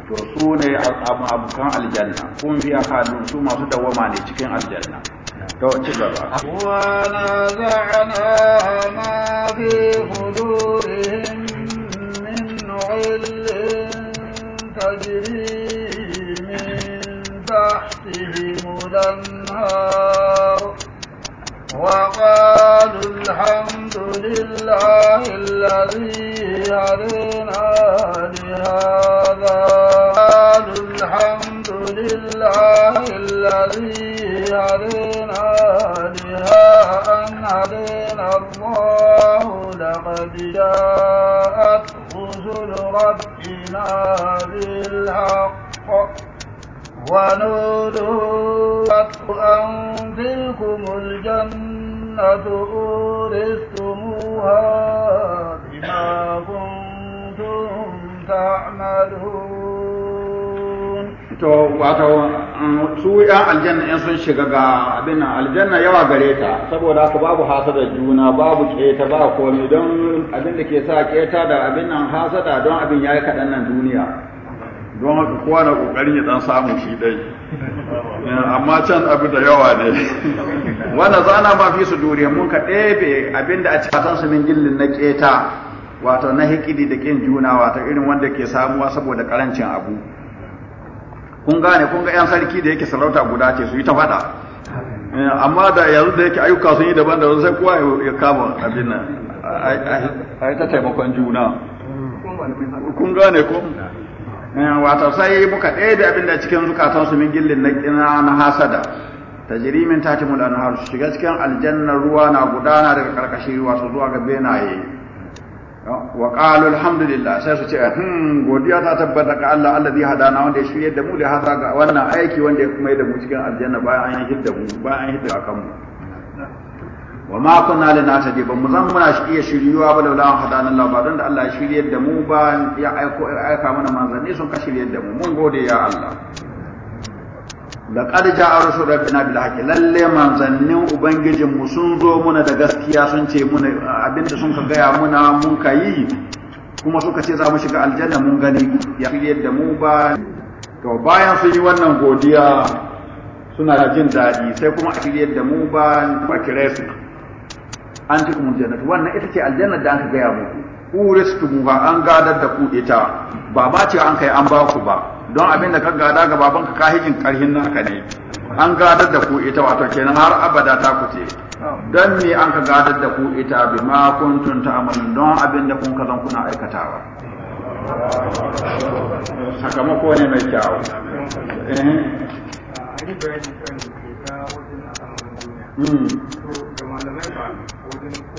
to su ne abokan aljanna kun fiya khalidun su masu dawama ne cikin aljanna to ci gaba wa naza'na ma fi min ilmin tajri min tahtihim الأنهار وقالوا الحمد الحمد لله الذي هدينا لهذا الحمد لله الذي هدينا لها أن هدينا الله لقد جاءت رسل ربنا بالحق ونودوا أن تلكم الجنة Na أورثتموها بما كنتم تعملون to wato mm, su ya aljanna in sun shiga ga abin aljanna yawa gare ta saboda haka babu hasada juna babu keta ba komai don abin da ke sa keta da abin nan hasada don abin yayi kaɗan nan duniya don haka kowa na kokarin ya dan samu shi dai amma can abu da yawa ne wanda zana ma fi su duriya mun ka ɗebe abinda a cikin su min gillin na keta wato na hikidi da kin juna wato irin wanda ke samuwa saboda karancin abu kun gane kun ga yan sarki da yake sarauta guda ce su yi ta fada amma da yanzu da yake ayyuka sun yi daban da sai kowa ya kama abin nan a ta taimakon juna kun gane ko Eh, wato sai muka da abin da cikin zukatansu min gillin na na hasada tajri min tatimul anhar shiga cikin aljanna ruwa na gudana daga karkashin ruwa su zuwa ga benaye wa qalu alhamdulillah sai su ce hmm godiya ta tabbata ga Allah alladhi hadana wanda ya shirya da mu da hasa ga wannan aiki wanda ya kuma yi da mu cikin aljanna bayan an hidda mu bayan an hidda kanmu wa ma kunna linatadi ba mu zan muna iya shiryuwa ba laula an hadana Allah ba don da Allah ya shirye da mu ba ya aiko aika mana manzanni sun ka shirye da mu mun gode ya Allah laqad ja'a rasul rabbina bil haqqi lalle manzannin ubangijin mu sun zo muna da gaskiya sun ce muna abinda sun ka gaya muna mun kai kuma suka ce za mu shiga aljanna mun gani ya shirye da mu ba to bayan sun yi wannan godiya suna jin daɗi sai kuma a shirye da mu ba ba kire su an kuma jannatu wannan ita ce aljanna da aka gaya muku ku mu ba an gadar da ku ita ba ba ce an kai an ba ku ba don abin da ka gada ga babanka kahijin karhin naka ne an gadar da ku ita wato kenan har abada ta ku ce don me an ka gadar da ku ita bi ma ta ta'malun don abin da kun ka zan kuna aikatawa sakamako ne mai kyau eh hmm.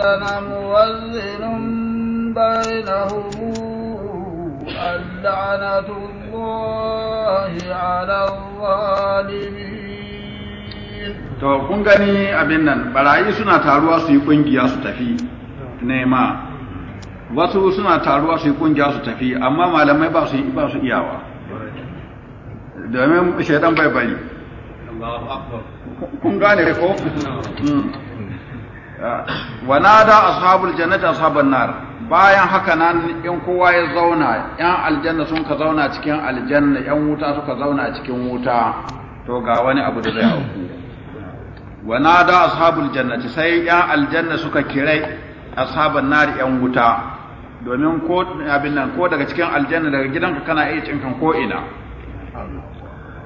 وأذن مؤذن بينهم اللعنة الله على الظالمين to kun gani abin nan barayi suna taruwa su yi kungiya su tafi nema wasu suna taruwa su yi kungiya su tafi amma malamai ba su ba su iyawa domin shaidan bai bari kun gane ko [LAUGHS] hmm. [COUGHS] wana da ashabul jannati ashaban nar bayan haka nan in kowa ya zauna yan aljanna sun ka zauna cikin aljanna yan wuta ka zauna cikin wuta to ga wani abu da zai auku [COUGHS] wana da ashabul jannati sai yan aljanna suka kirai ashaban nar yan wuta domin ko abin nan ko daga cikin aljanna daga gidanka kana iya cinkan ko ina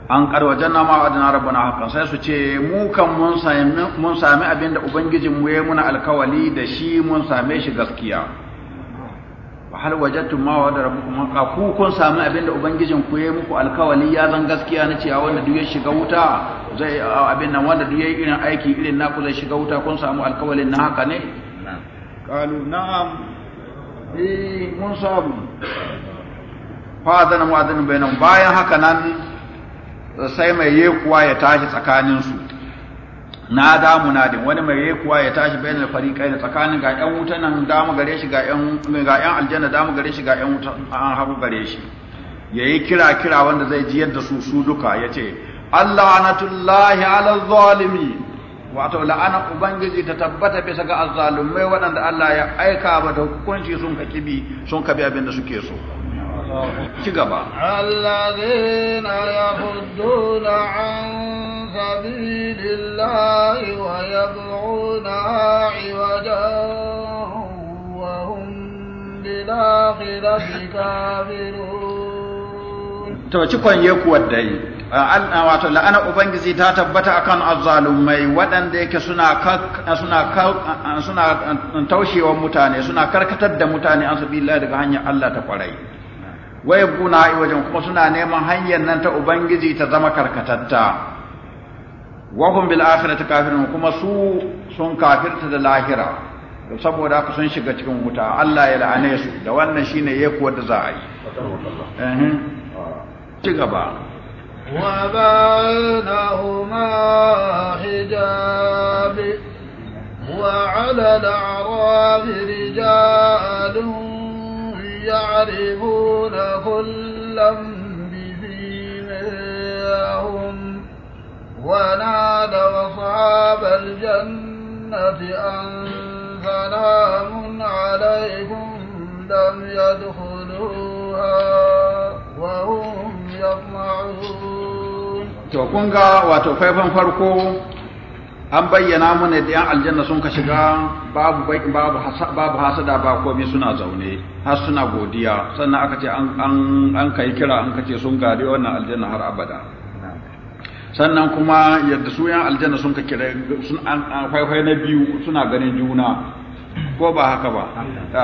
an karwajen na ma adana rabbana haqqan sai su ce mu kan mun sami abin da ubangijin mu ya muna alkawali da shi mun same shi gaskiya wa hal wajadtum ma wa'ada rabbukum haqa ku kun sami abin da ubangijin ku ya muku alkawali ya zan gaskiya na cewa wanda duk ya shiga wuta zai abin nan wanda duk ya yi irin aiki irin naku zai shiga wuta kun samu alkawalin na haka ne qalu na'am eh mun samu fa adana mu'adin bainahum bayan haka nan sai mai yekuwa ya tashi tsakaninsu na damu nadin wani mai yekuwa ya tashi bayan da fariƙai yana tsakanin ga ƴan wuta nan damu gare shi ga ƴan aljanna damu gare shi ga ƴan wuta an haru gare shi ya yi kira kira wanda zai ji yadda su su duka ya ce Allah na tullahi ala zalimi wato la'ana ubangiji ta tabbata bisa ga azzalumai waɗanda Allah ya aika ba da hukunci sun ka sun ka bi abin da suke so ci gaba alladhina yahudduna an sabilillahi wa yab'una iwajan wa hum bil akhirati kafirun to ci kwanye kuwa dai wato la'ana ubangiji ta tabbata akan azzalumai waɗanda yake suna suna taushewa mutane suna karkatar da mutane an sabi daga hanyar Allah ta kwarai wa yabuna wajen kuma suna neman hanyar nan ta ubangiji ta zama karkatatta wa hum bil akhirati kafirun kuma su sun kafirta da lahira saboda haka sun shiga cikin wuta Allah ya la'ane su da wannan shine yake wanda za a yi ci gaba wa bainahuma hijabi wa 'ala al-a'rafi rijalun يعرفون كلا بسيماهم ونادوا أصحاب الجنة أن سلام عليكم لم يدخلوها وهم يطمعون. To kun ga wato faifan farko an bayyana mana da yan aljanna sun ka shiga babu babu babu hasada ba komai suna zaune har suna godiya sannan aka ce an an an kai kira an kace sun gari wannan aljanna har abada sannan kuma yadda su yan aljanna sun ka kira sun an faifai na biyu suna ganin juna ko ba haka ba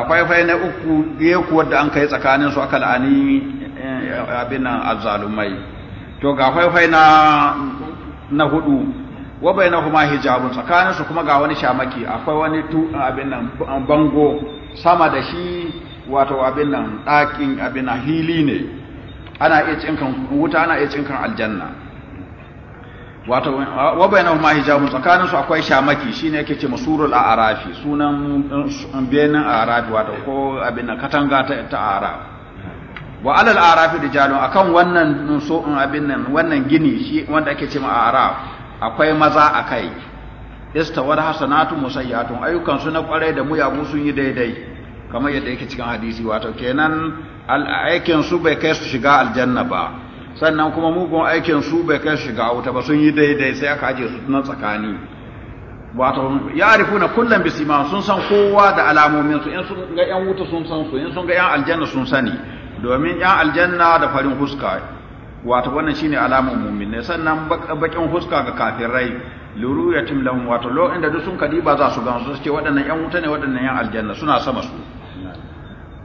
faifai na uku ya kuwa da an kai tsakanin su aka la'ani eh, abin nan azzalumai to ga faifai na na hudu wa bainahuma hijabun tsakanin su kuma ga wani shamaki akwai wani tu abin nan bango sama da shi wato abin nan ɗakin abin nan hili ne ana iya cinkan wuta ana iya cinkan aljanna wato wa bainahuma hijabun tsakanin su akwai shamaki shine yake ce masurul arafi sunan eh, benin arafi wato ko abin nan katanga ta ta wa alal arafi rijalun akan wannan so abin nan wannan gini shi wanda ake ce ma akwai maza a kai istawar hasanatu musayyatun ayyukan su na kwarai da muyagu sun yi daidai kamar yadda yake cikin hadisi wato kenan aikin su bai kai su shiga aljanna ba sannan kuma mugun aikin su bai kai su shiga wuta ba sun yi daidai sai aka ajiye su na tsakani wato na kullum bisima sun san kowa da alamomin su in sun ga yan wuta sun san su in sun ga yan aljanna sun sani domin yan aljanna da farin huska wato wannan shine alamar mu'min sannan bakin huska ga kafirai luruyatim lahum wato lo inda duk sun kadi ba za su Su suke waɗannan yan wuta ne waɗannan yan aljanna suna sama su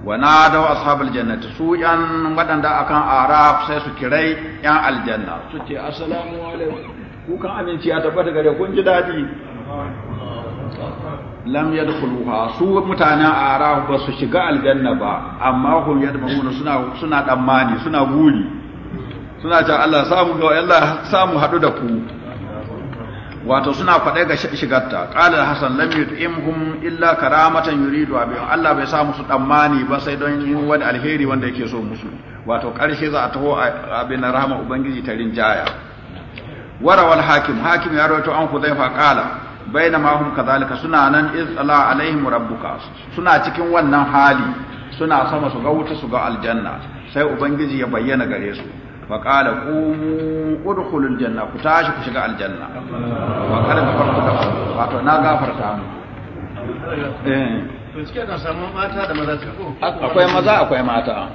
wa da ashabul jannati su yan waɗanda akan araf sai su kirai yan aljanna su ce assalamu alaikum ku kan aminci ya tabbata gare kun ji dadi lam yadkhuluha su mutanen araf ba su shiga aljanna ba amma hum yadmuna suna suna tsammani suna guri suna cewa Allah samu ga Allah samu hadu da ku wato suna faɗe ga shigarta qala hasan lam yut'imhum illa karamatan yuridu abi Allah bai samu su tsammani ba sai don yin wani alheri wanda yake so musu wato karshe za a taho abin rahama ubangiji ta rinjaya warawal hakim hakim ya rawaito an ku hudhaifa qala ma hum kadhalika suna nan iz ala alaihim rabbuka suna cikin wannan hali suna sama su ga wuta su ga aljanna sai ubangiji ya bayyana gare su فقال قوموا ادخلوا الجنه كتاش كشغا الجنه فقال غفرت لكم فاتو نا غفرتا akwai maza akwai mata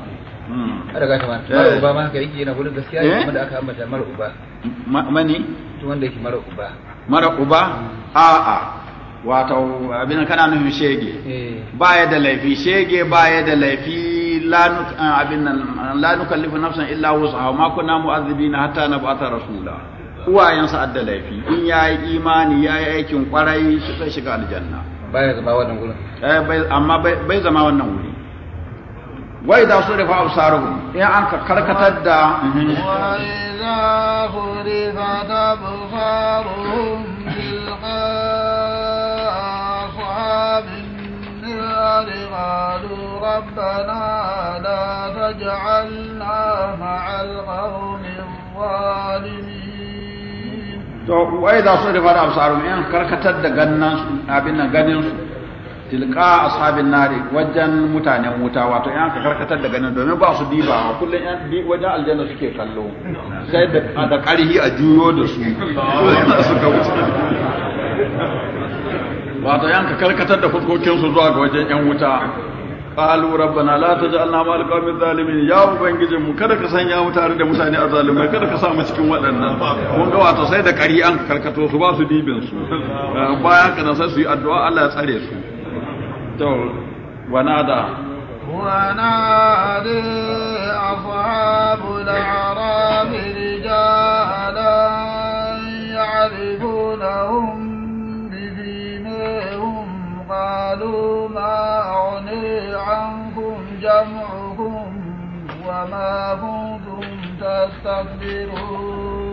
daga hmm. mara eh. uba ma haka yana gudun gaskiya eh? ne aka ambata mara uba mani wanda yake mara uba mara uba a'a wato abin kana nufin shege eh. baya da laifi shege baya da laifi ah, abin nan la nukallifu nafsan illa wusaha ma kunna mu'azzibina hatta nab'atha rasula sa'ad da laifi in ya yi imani ya yi aikin kwarai shi zai shiga aljanna baya zama wannan gurin eh, amma bai zama wannan wuri wai da su rufa absaruhum in an karkatar da mm-hmm. wa idza hurifa absaruhum bil النار قالوا ربنا لا تجعلنا مع القوم الظالمين to wai da su rufa da absarum yan karkatar da gannan su abin nan ganin su tilka ashabin nari wajen mutanen wuta wato yan karkatar da ganin domin ba su diba kullun yan wajen aljanna suke kallo sai da da a juyo da su suka wuce ta yanka karkatar da fuskokinsu zuwa ga wajen yan wuta qalu rabbana la taj'alna ma'al qawmi zalimin ya ubangijin mu kada ka sanya mu tare da mutane azzalimai kada ka samu cikin waɗannan kun ga wata sai da ƙari an karkato su ba su dibin su eh, bayan kana sai su yi addu'a Allah ya tsare su to wanada ونادى أصحاب arabi rijalan ya'rifunahum جمعهم وما كنتم تستكبرون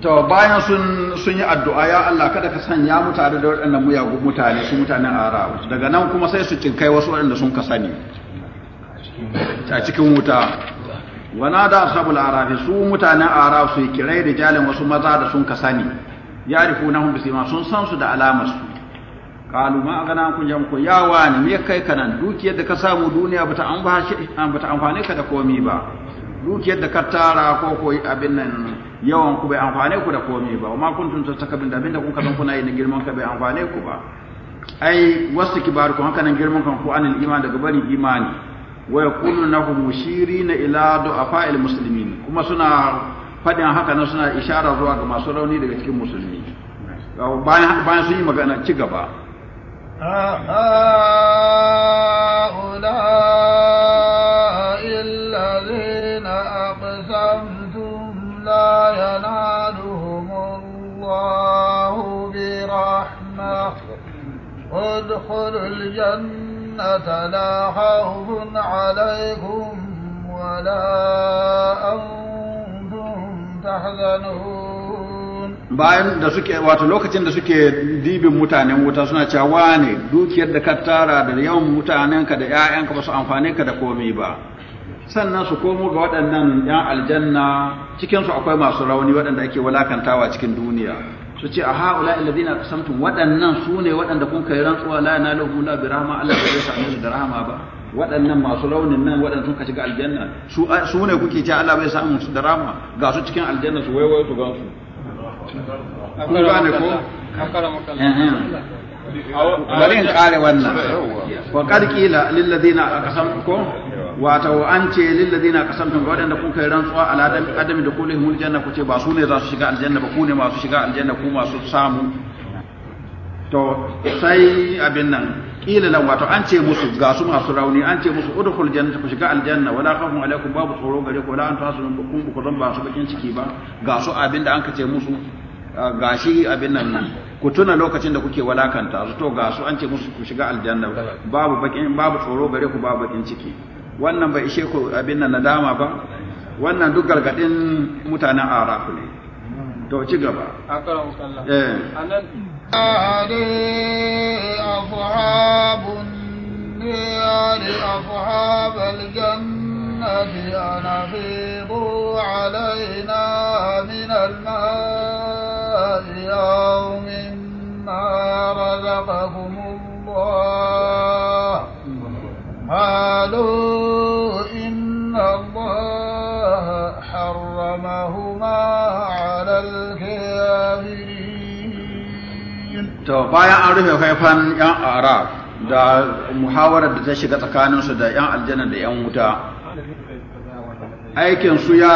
to bayan sun sun yi addu'a ya Allah kada ka sanya mutane da da waɗannan muyagun mutane su mutanen Arawa daga nan kuma sai su cinkai wasu waɗanda sun ka sani a cikin wuta wana da ashabul arabi su mutanen Arawa su kirai da jalin wasu maza da sun ka sani ya rifu na hun bisima sun san su da alamar su qalu ma jam ku ya me kai kanan dukiyar da ka samu duniya bata amfane ka da ba dukiyar da ka tara ko ko abin nan yawan ku bai amfane ku da ba da kun kuna girman ka bai amfane ku ba ai wasu girman kan ku anil iman daga bari imani wa yakunu nahum mushirina ila muslimin suna fadin haka suna isharar zuwa ga masu rauni daga cikin musulmi bayan sun yi magana ci gaba أهؤلاء الذين أقسمتم لا ينالهم الله برحمة ادخلوا الجنة لا خوف عليكم ولا أنتم تحزنون bayan da suke wato lokacin da suke dibin mutanen wuta suna cewa wane dukiyar da ka tara da yawan mutanenka da ka ba su amfane ka da komai ba sannan su komo ga waɗannan ƴan aljanna cikin su akwai masu rauni waɗanda ake walakantawa cikin duniya su ce a haula alladhina qasamtum waɗannan su ne waɗanda kun kai rantsuwa la yanaluhu la birahma Allah bai sa musu da rahama ba waɗannan masu launin nan waɗanda sun shiga aljanna su ne kuke ce Allah bai sa musu da rahama ga su cikin aljanna su waiwai su gansu kun gane ko bari in kare wannan wa qad qila lil ladina aqsamtukum wato an ce lil ladina aqsamtum ga wadanda kun kai rantsuwa ala adam da kullu hul janna ku ce ba su ne za su shiga aljanna ba ku ne masu shiga aljanna ku masu samu to sai abin nan kila lan wato an ce musu ga su masu rauni an ce musu udkhul jannata ku shiga aljanna wala khawfun alaikum babu tsoro gare ku wala an hasunun ku ku zan ba su bakin ciki ba ga su abin da an ka ce musu Ah, ga shi abin nan ku tuna lokacin da kuke walakanta su to ga su an ce musu ku shiga aljanna babu bakin babu tsoro gare ku babu bakin ciki wannan bai ishe ku abin nan nadama ba wannan duk gargadin mutanen arafu ne to ci gaba akara musalla eh anan ashabun النار الجنة أن علينا من الماء وأكلوا مما رزقهم الله قالوا إن الله حرمهما على الكافرين تو بايا أعرف كيفان يا أعراف da muhawarar da ta shiga tsakaninsu da 'yan aljanna da 'yan wuta aikin su ya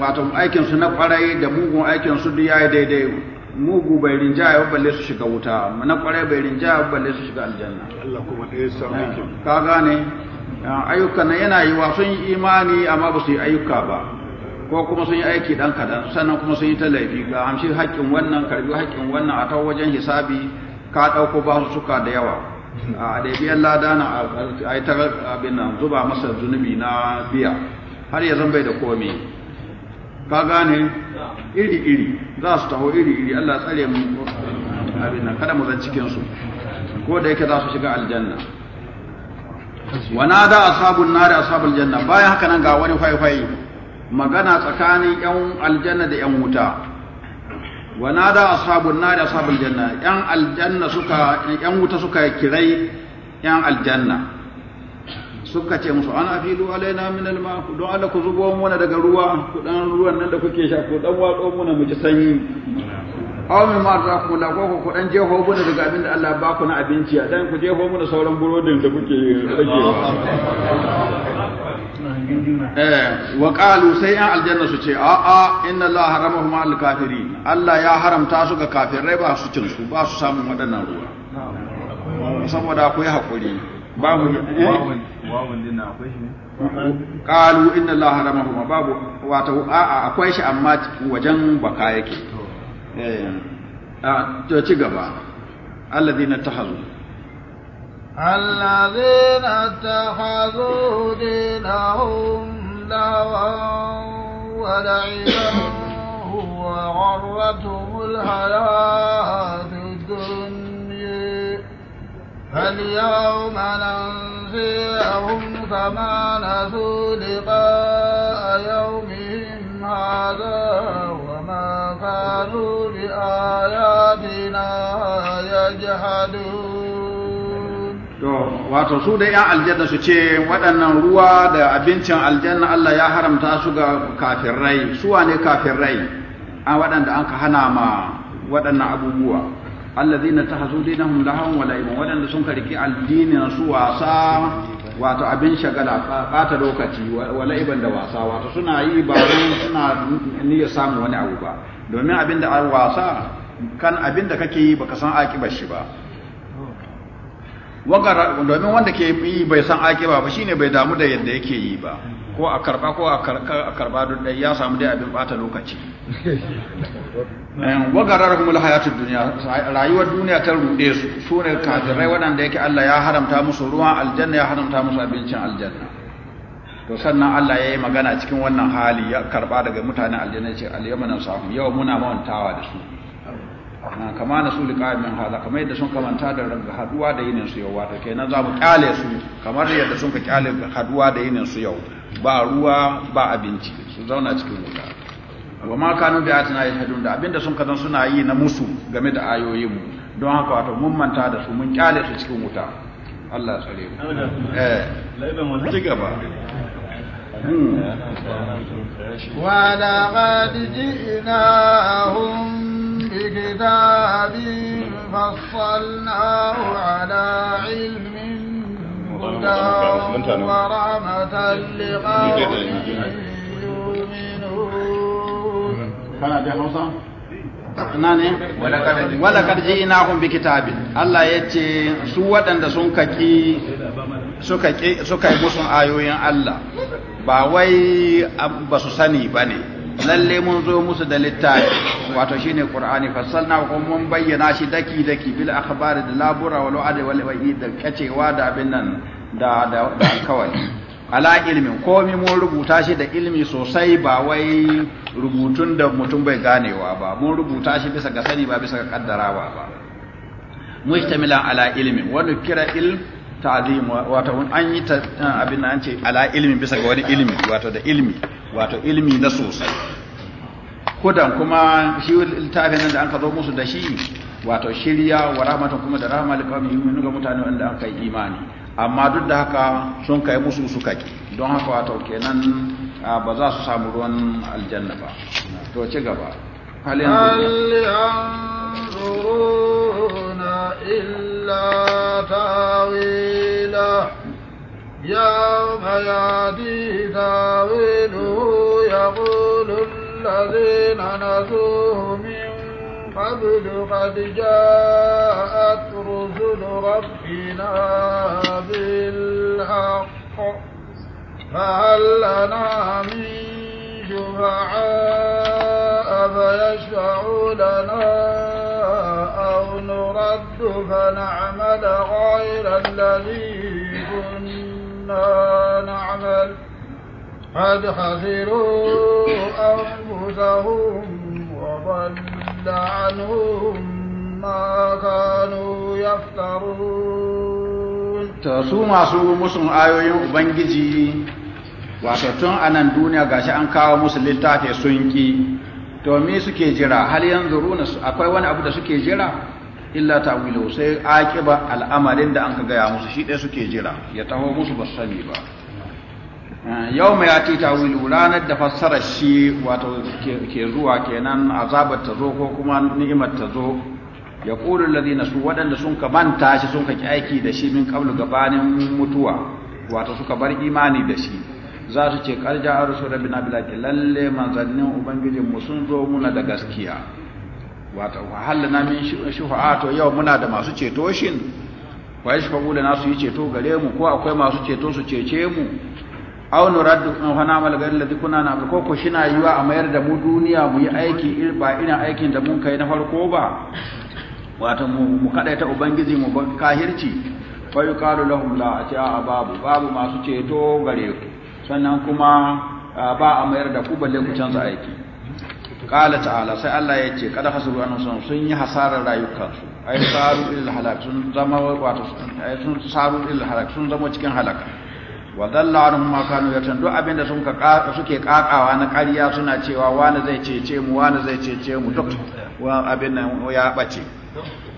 wato aikin su na kwarai da mugun aikin su duk yayi daidai mugu bai rinjaya ba balle su shiga wuta na kwarai bai rinjaya ba balle su shiga aljanna Allah kuma da ya samu eh, aikin ka gane ayyuka na yana yi wa sun yi imani amma ba su yi ayyuka ba ko kuma sun yi aiki dan kadan sannan kuma sun yi talafi ga amshi haƙƙin wannan karbi haƙƙin wannan a ta wajen hisabi ka dauko ba su suka da yawa a da biyan lada a ta abin nan zuba masa zunubi na biya har ya zan bai da komi ka gane iri iri za su taho iri iri Allah tsare mu abin nan kada mu zan cikin su ko da yake za su shiga aljanna wa nada ashabun nar ashabul janna bayan haka nan ga wani faifai magana tsakanin yan aljanna da yan wuta wa nada ashabun nar ashabul janna yan aljanna suka yan wuta suka kirai yan aljanna suka ce musu ana filu alaina min alma don Allah ku zubo mana daga ruwa ku dan ruwan nan da kuke sha ku dan watso mana mu ji sanyi aw min ma za ku la goko ku dan jeho mana daga abin da Allah ba ku na abinci a dan ku jeho na sauran burodin da kuke rage eh wa qalu sai an aljanna su ce a a inna Allah haramahu ma alkafirin Allah ya haramta su ga kafirai ba su cin su ba su samu waɗannan ruwa saboda akwai hakuri babu eh? Kalu inna allaha haramahuma babu wato a'a akwai shi amma wajen baka yake eh to ci gaba alladhina tahazu alladhina tahazu dinahum lawan wa da'iban wa gharratuhum alhayatu ad-dunya فاليوم نَنسَاهُمْ كما نسوا لقاء يومهم هذا وما كانوا بآياتنا to wato su da 'yan aljanna su ce waɗannan ruwa da abincin aljanna Allah ya haramta su ga kafirai su wane kafirai an waɗanda an ka hana ma waɗannan abubuwa alladhina tahazu dinahum lahum wa la'im wadanda sun karki addinin su wasa wato abin shagala bata lokaci wa la'iban da wasa wato suna yi ba suna ya samun wani abu ba domin abin da wasa kan abin da kake yi baka san akibar shi ba domin wanda ke yi bai san akiba ba shine bai damu da yadda yake yi ba ko a karba ko a karba don dai ya samu dai abin bata lokaci wagarar kuma hayatun duniya rayuwar duniya ta rude su ne kafirai waɗanda yake Allah ya haramta musu ruwan aljanna ya haramta musu abincin aljanna to sannan Allah ya yi magana cikin wannan hali ya karba daga mutanen aljanna ce alyamanan samu yau muna mawantawa da su kama na su min hala kamar yadda sun kamanta da haduwa da yinin su yau wato kenan za mu kyale su kamar yadda sun ka kyale haduwa da yinin su yau ba ruwa ba abinci su zauna cikin wuta wa ma kanu bi atina yahdun da abinda sun kazan suna yi na musu game da ayoyin mu don haka wato mun manta da su mun kyale su cikin wuta Allah tsare mu eh laiban wannan ci gaba hmm. wa la qad ji'nahum بكتاب فصلناه ala ilmin هدى ورحمة لقوم يؤمنون كان دي حوصة nane walakar ji na kun bi Allah ya ce su waɗanda sun kaki suka ki suka yi musu ayoyin Allah ba wai ba su sani ba ne lallai mun zo musu da littafi wato shine qur'ani fassalna ko mun bayyana shi daki daki bil akhbar da labura wal wa'd da kacewa da abin nan da da kawai ala ilmin komi mun rubuta shi da ilmi sosai ba wai rubutun da mutum bai ganewa ba mun rubuta shi bisa ga sani ba bisa ga kaddara ba mujtamilan ala ilmi wani kira ilm ta'zim wato an yi abin nan ce ala ilmi bisa ga wani ilmi wato da ilmi wato ilmi na sosai kodan kuma shi littafin nan da an ka zo musu da shi wato shirya wa rahmatan kuma da rahama liqawmi ga mutane wanda an kai imani amma duk da haka sun kai musu suka ki don haka wato kenan ba za su samu ruwan aljanna ba to ci gaba hal yanzuruna illa tawila يوم يأتي تاويله يقول الذين من قبل قد جاءت رسل ربنا بالحق فهل لنا من شفعاء فيشفعوا لنا أو نرد فنعمل غير الذي كنا نعمل قد خسروا أنفسهم وضل عنهم ما كانوا يفترون su masu musun ayoyin ubangiji wato tun a nan duniya gashi an kawo musu littafi sun ki to me suke jira hal yanzu runa akwai wani abu da suke jira illa ta'wilu sai aqiba al'amarin da an gaya musu shi dai suke jira ya taho musu ba sani ba yau mai ati tawilu ranar da fassarar shi wato ke zuwa kenan azabar ta zo ko kuma ni'imar ta zo ya ƙulun lalina su waɗanda sun ka manta shi sun ka ki aiki da shi min ƙablu gabanin mutuwa wato suka bar imani da shi za su ce ƙarja a rusu rabin abilaki lalle manzannin ubangijinmu sun zo muna da gaskiya wato na min shufa'a to yau muna da masu ceto shin wa yashfa'u na su yi ceto gare mu ko akwai masu ceto su cece mu aw nuraddu kuma fa na'mal ghayr ladi kuna na ko ko shina yiwa a mayar da mu duniya mu yi aiki ba ina aikin da mun kai na farko ba wato mu mu kadaita ubangiji mu ban kahirci fa yuqalu lahum la a babu babu masu ceto gare ku sannan kuma ba a mayar da ku balle ku canza aiki qala ta'ala sai Allah ya ce kada hasabu an sun sun yi hasarar rayukansu ai saru ilal halak sun zama wato sun saru ilal halak sun zama cikin halaka wa dhalla anhum ma kanu yatan duk abinda sun ka suke kakawa na ƙarya suna cewa wani zai cece mu wani zai cece mu duk wa abin nan ya bace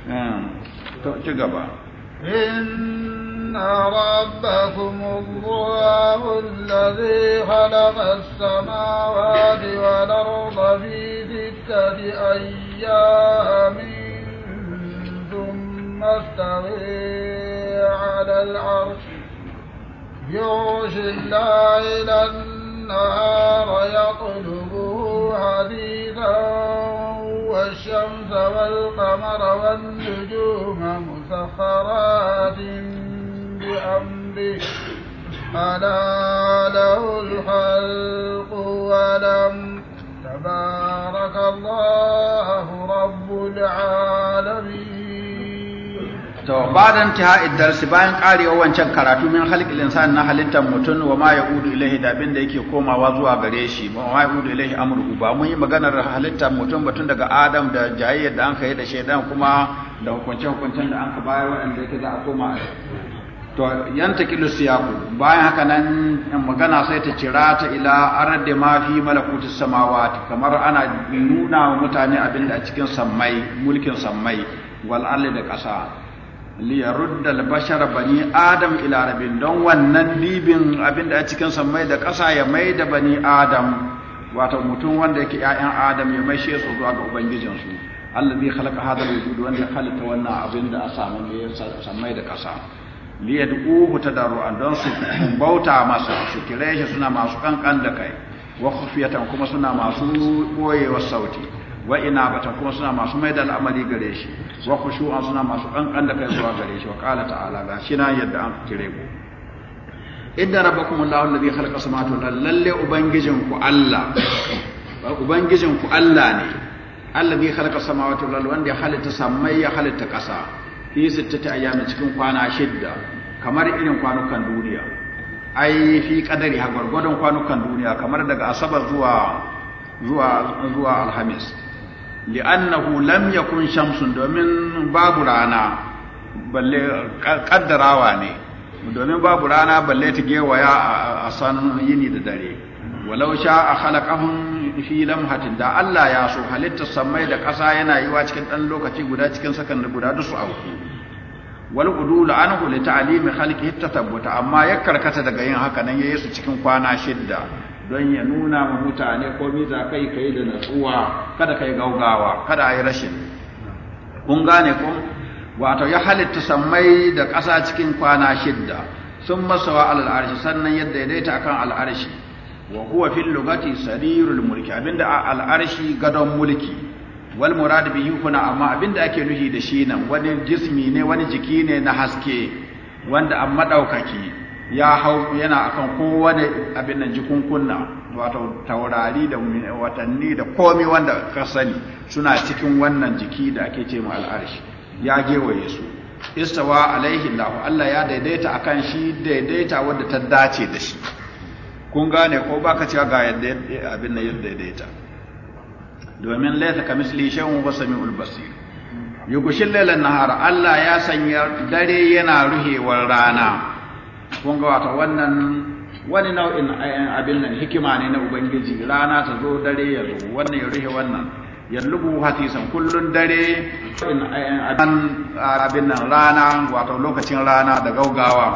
hmm, to ci gaba inna rabbakum Allahu alladhi khalaqa as-samawati wal arda fi sittati ayyamin thumma istawa 'ala al-'arshi يغشي الليل النهار يطلبه حديثا والشمس والقمر والنجوم مسخرات بأمره ألا له الخلق ولم تبارك الله رب العالمين to bayan intihai darsi bayan karewa wancan karatu min khalqil insani na halittar mutum wa ma yaudu ilaihi da abin da yake komawa zuwa gare shi wa ma yaudu ilaihi amru ba mun yi maganar halittar mutum batun daga adam da jayayyar da an kai da shaidan kuma da hukuncen hukuncen da an ka bayar waɗanda yake za a koma to yantakilu siyaku bayan haka nan magana sai ta cira ta ila arde ma fi malakutis samawati kamar ana nuna wa mutane abin da a cikin sammai mulkin sammai wal arli da ƙasa liyarudda albashar bani adam ila rabin don wannan libin abinda a cikin mai da ƙasa ya mai da bani adam wato mutum wanda yake ƴaƴan adam ya maishe su zuwa ga ubangijin su allazi khalaqa hadha alwujud wanda khalaqa wannan da a samu ne mai da ƙasa liyad'uhu tadarruan don su bauta masa su kire shi suna masu kankan da kai wa khufiyatan kuma suna masu ɓoyewar sauti wa inabatan kuma suna masu mai da al'amari gare shi wa khushu'an suna masu kankan da kai zuwa gare shi wa qala ta'ala ga shi na yadda an kire ku idda rabbakum allahu alladhi khalaqa samawati wal ardi lalle ubangijin ku allah ubangijin ku allah ne alladhi khalaqa samawati wal wanda ya halitta samai ya halitta kasa fi sittati ayyamin cikin kwana shidda kamar irin kwanukan duniya ai fi kadari ha kwanukan duniya kamar daga asabar zuwa zuwa alhamis li'annahu lam yakun shamsun domin babu rana balle kaddarawa ne domin babu rana balle ta gewaya a san yini da dare Walausha, sha a khalaqahum fi lamhatin da Allah ya so halitta samai da ƙasa yana yiwa cikin dan lokaci guda cikin sakan guda da su auku wal qudul anhu li ta'limi khalqihi tatabbuta amma ya karkata daga yin hakanan ya yi su cikin kwana shidda don ya nuna ma mutane ko za kai kai da natsuwa kada kai gaugawa kada a rashin kun gane kun wato ya halitta sammai da ƙasa cikin kwana shidda sun masawa al'arshi sannan yadda ya daidaita akan al'arshi wa huwa fil lugati sarirul mulki abinda al'arshi gadon mulki wal murad bi yukuna amma abinda ake nuhi da shi nan wani jismi ne wani jiki ne na haske wanda an madaukaki ya hau yana akan kowa da abin nan kunna, wato taurari da watanni da komi wanda ka sani suna cikin wannan jiki da ake ce mu al'arsh ya gewaye su istawa alaihi Allah Allah ya daidaita akan shi daidaita wanda ta dace da shi kun gane ko baka cewa ga yadda abin nan yadda daidaita domin laita kamisli shay'un wa sami'ul basir yugushil lailan nahara Allah ya sanya dare yana ruhewar rana kun ga wata wannan wani nau'in eh, eh, abin nan hikima ne na ubangiji rana ta zo dare ya zo wannan ya rufe wannan yallubu hatisan kullun dare eh, abin nan rana wato lokacin rana da gaugawa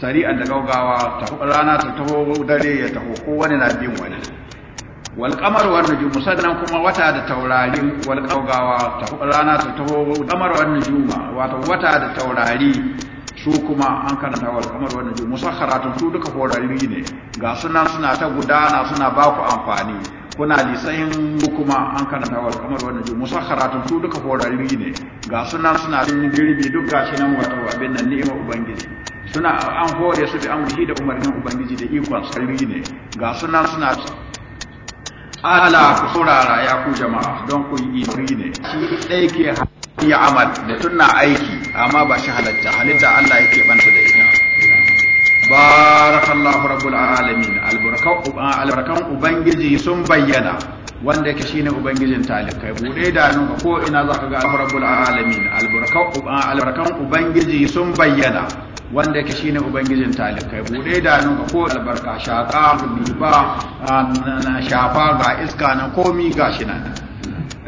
sari'a da gaugawa ta rana ta taho dare ya taho ko wani na bin wani wal qamar wa nujum sannan kuma wata da taurari wal gaugawa rana ta taho qamar wa nujuma wato wata da taurari su kuma an da wal kamar wannan ji musakharatun su duka horarri ne ga suna suna ta gudana suna ba ku amfani kuna lisayin kuma an karanta wal kamar wannan ji musakharatun su duka horarri ne ga suna suna yin girbi duk shi nan wato abin nan ni'imar ubangiji suna an hore su bi amrihi da umarnin ubangiji da ikon sarri ne ga suna suna ala ku saurara ya ku jama'a don ku yi iri ne shi ɗaya ke yi amal da tunna aiki amma ba shi halatta halitta Allah yake banta da ita barakallahu rabbul alamin albarkan ubangiji sun bayyana wanda yake shine ubangijin talikai bude da nan ko ina zaka ga rabbul alamin albarkan ubangiji sun bayyana wanda yake shine ubangijin talikai bude da nan ga ko albarka shaka ba na shafa ga iska na komi gashi nan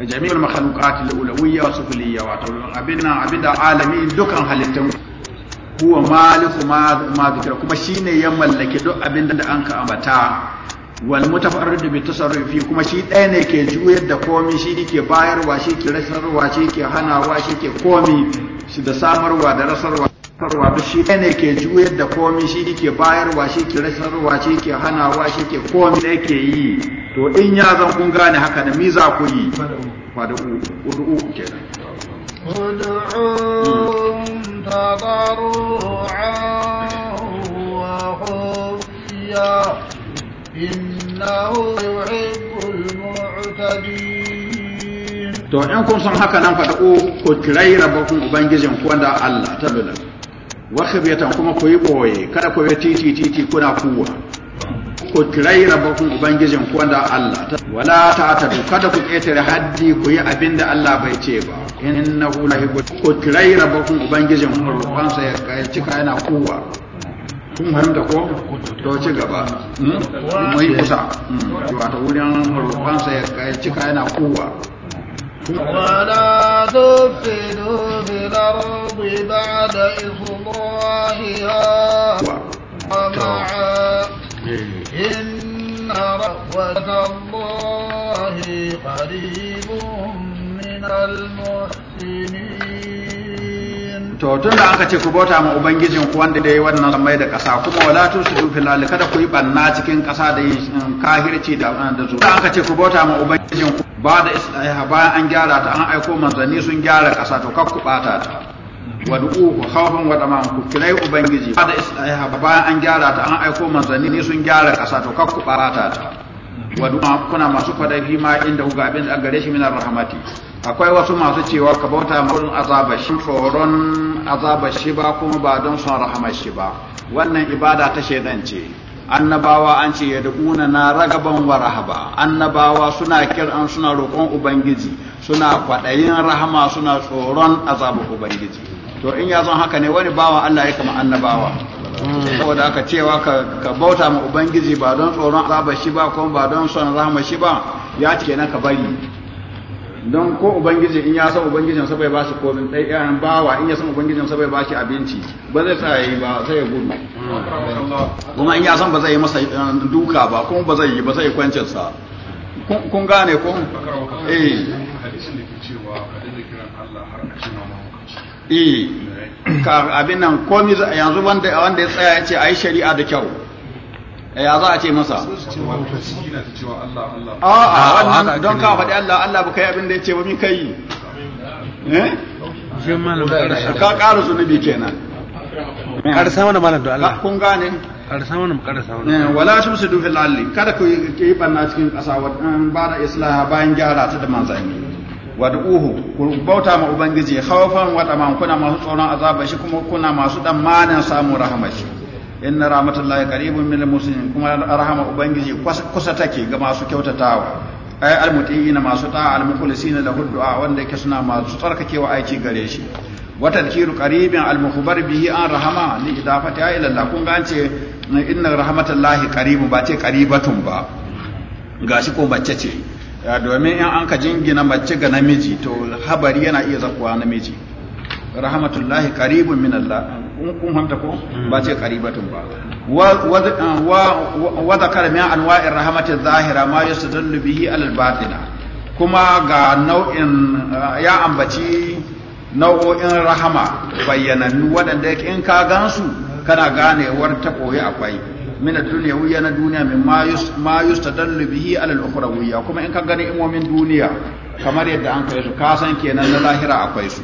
jami'ul makhluqat al-ulawiyya wa sufliyya wa abinna abinda alamin dukan halittun huwa maliku ma ma zikra kuma shine ya mallake duk abinda da anka ambata wal mutafarridu bi tasarrufi kuma shi ɗaya ne ke juyar da komi shi ke bayarwa shi ke rasarwa shi ke hanawa shi ke komi shi da samarwa da rasarwa sarwa duk shi ne ke juyar da komi shi ke bayarwa shi ke rasarwa shi ke hana wa shi ke komi ne ke yi to in ya zan kun gane haka da mi za ku yi fada'u ud'u kenan ud'u wa khufiya innahu yuhibbul mu'tadin to in kun san haka nan fada'u ku kirai rabbakum ubangijin ku wanda Allah tabbata wa khibiyatan kuma ku yi boye kada ku yi titi titi kuna kuwa ku kirai rabakun ubangijin ku wanda Allah wala ta ta kada ku ketare haddi ku yi abin da Allah bai ce ba innahu la yuhibbu ku kirai rabakun ubangijin ku ruwan sa ya kai cika yana kuwa kun fahimta ko to ci gaba hmm? mun kusa hmm. wato wurin ruwan sa ya kai cika yana kuwa ولا تفسدوا في الأرض بعد إصلاحها ومعا إن رحمة الله قريب من المحسنين to tun da aka ce ku bauta ma ubangijin ku wanda dai yi wannan mai da ƙasa kuma wala tusidu fil ardi kada ku yi banna cikin ƙasa da yin um, kahirci da um, da zuwa aka ce ku bauta ma ubangijin ku ba da islaha eh, bayan an gyara ta an aiko manzanni sun gyara ƙasa to kar ku bata ta wad'u ku khawfan wa tamam ku kirai ubangiji ba da islaha eh, bayan an gyara ta an aiko manzanni sun gyara ƙasa to kakku bata ta wad'u kuna masu kwadai ma inda ku gabin abin da gare shi minar rahmati akwai wasu masu cewa ka bauta mutum azaba shi tsoron azaba shi ba kuma ba don son rahamar shi ba wannan ibada ta shaidance ce annabawa an ce yad'una na ragaban wa rahaba annabawa suna kiran suna roƙon ubangiji suna kwaɗayin rahama suna tsoron azabu ubangiji to in ya zan haka ne wani bawa Allah ya kama annabawa saboda aka cewa ka bauta ma ubangiji ba don tsoron azaba shi ba kuma ba don son rahama shi ba ya ce na ka bari don ko ubangiji in ya san ubangijin sa bai ba shi komin ɗai yaran eh, bawa in ya san ubangijin sa bai ba shi abinci ba zai tsaya yi ba sai ya gudu kuma in ya san ba zai yi masa eh, duka ba kuma ba zai yi ba zai yi kwancin sa kun gane ko eh hadisin da ke cewa ka kiran Allah har a cin eh ka abin nan komai yanzu wanda wanda ya tsaya ya ce ai shari'a da kyau Eh, ya za a ce masa a'a wannan don ka faɗi Allah Allah ba kai abin da ya ce ba mi kai eh ka ƙara zunubi kenan eh. ƙarsa mana malam don Allah kun gane ƙarsa mana ƙarsa wani eh, wala musu dufin lalli kada ku yi banna cikin ƙasa wadan mm, ba da islaha bayan gyara ta da manzanni uhu ku bauta ma ubangiji khawfan wa taman kuna masu tsoron azabar shi kuma kuna masu dan manan samun rahmar shi inna rahmatullahi qaribun minal muslimin kuma rahama ubangiji kusa take ga masu kyautatawa ay almutiina masu ta'a almukhlisina lahu du'a wanda yake suna masu tsarkakewa aiki gare shi wa tadhkiru qaribin almukhbar bihi an rahama li idafati ila Allah kun ga an ce inna rahmatullahi qaribun ba ce qaribatun ba gashi ko mace ce domin in an ka jingina mace ga namiji to habari yana iya zakuwa namiji rahmatullahi qaribun min Allah kun fahimta ko hmm. ba ce qaribatun ba wa zakara min anwa'ir rahmatin zahira ma yastadallu bihi alal batina kuma ga nau'in uh, ya ambaci nau'o'in rahama bayyanannu waɗanda yake in ka gansu kana war ta koyi akwai min ad wuya na duniya min ma yustadallu bihi alal wuya. kuma in ka gani imomin duniya kamar yadda an kai su ka san kenan na lahira akwai su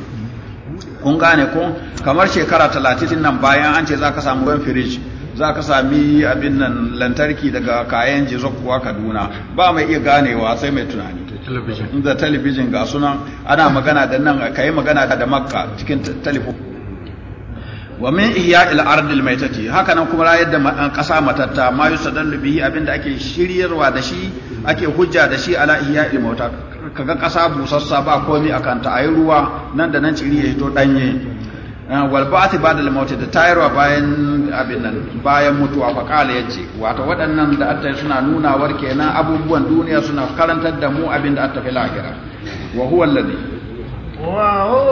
kun gane ko kamar shekara talatin nan bayan an ce za ka samu ruwan firij za ka sami abin nan lantarki daga kayan jizo kuwa kaduna ba mai iya ganewa sai mai tunani da talabijin ga sunan ana magana da nan ka yi magana da makka cikin telefon wa min iya il'ardil mai tati haka nan kuma rayar da kasa matatta ma lubihi abin abinda ake shiryarwa da shi ake hujja da shi ala iya il Ka ga ƙasa busassa ba komi a kanta a yi ruwa nan da nan ciri ya hito ɗanye eh, walba'ati ba da lamauti da tayarwa bayan abin nan bayan mutuwa fa ƙala ya ce wata waɗannan da attai suna nunawar kenan abubuwan duniya suna karantar da mu abin da attafi lahira wa huwa alladhi wa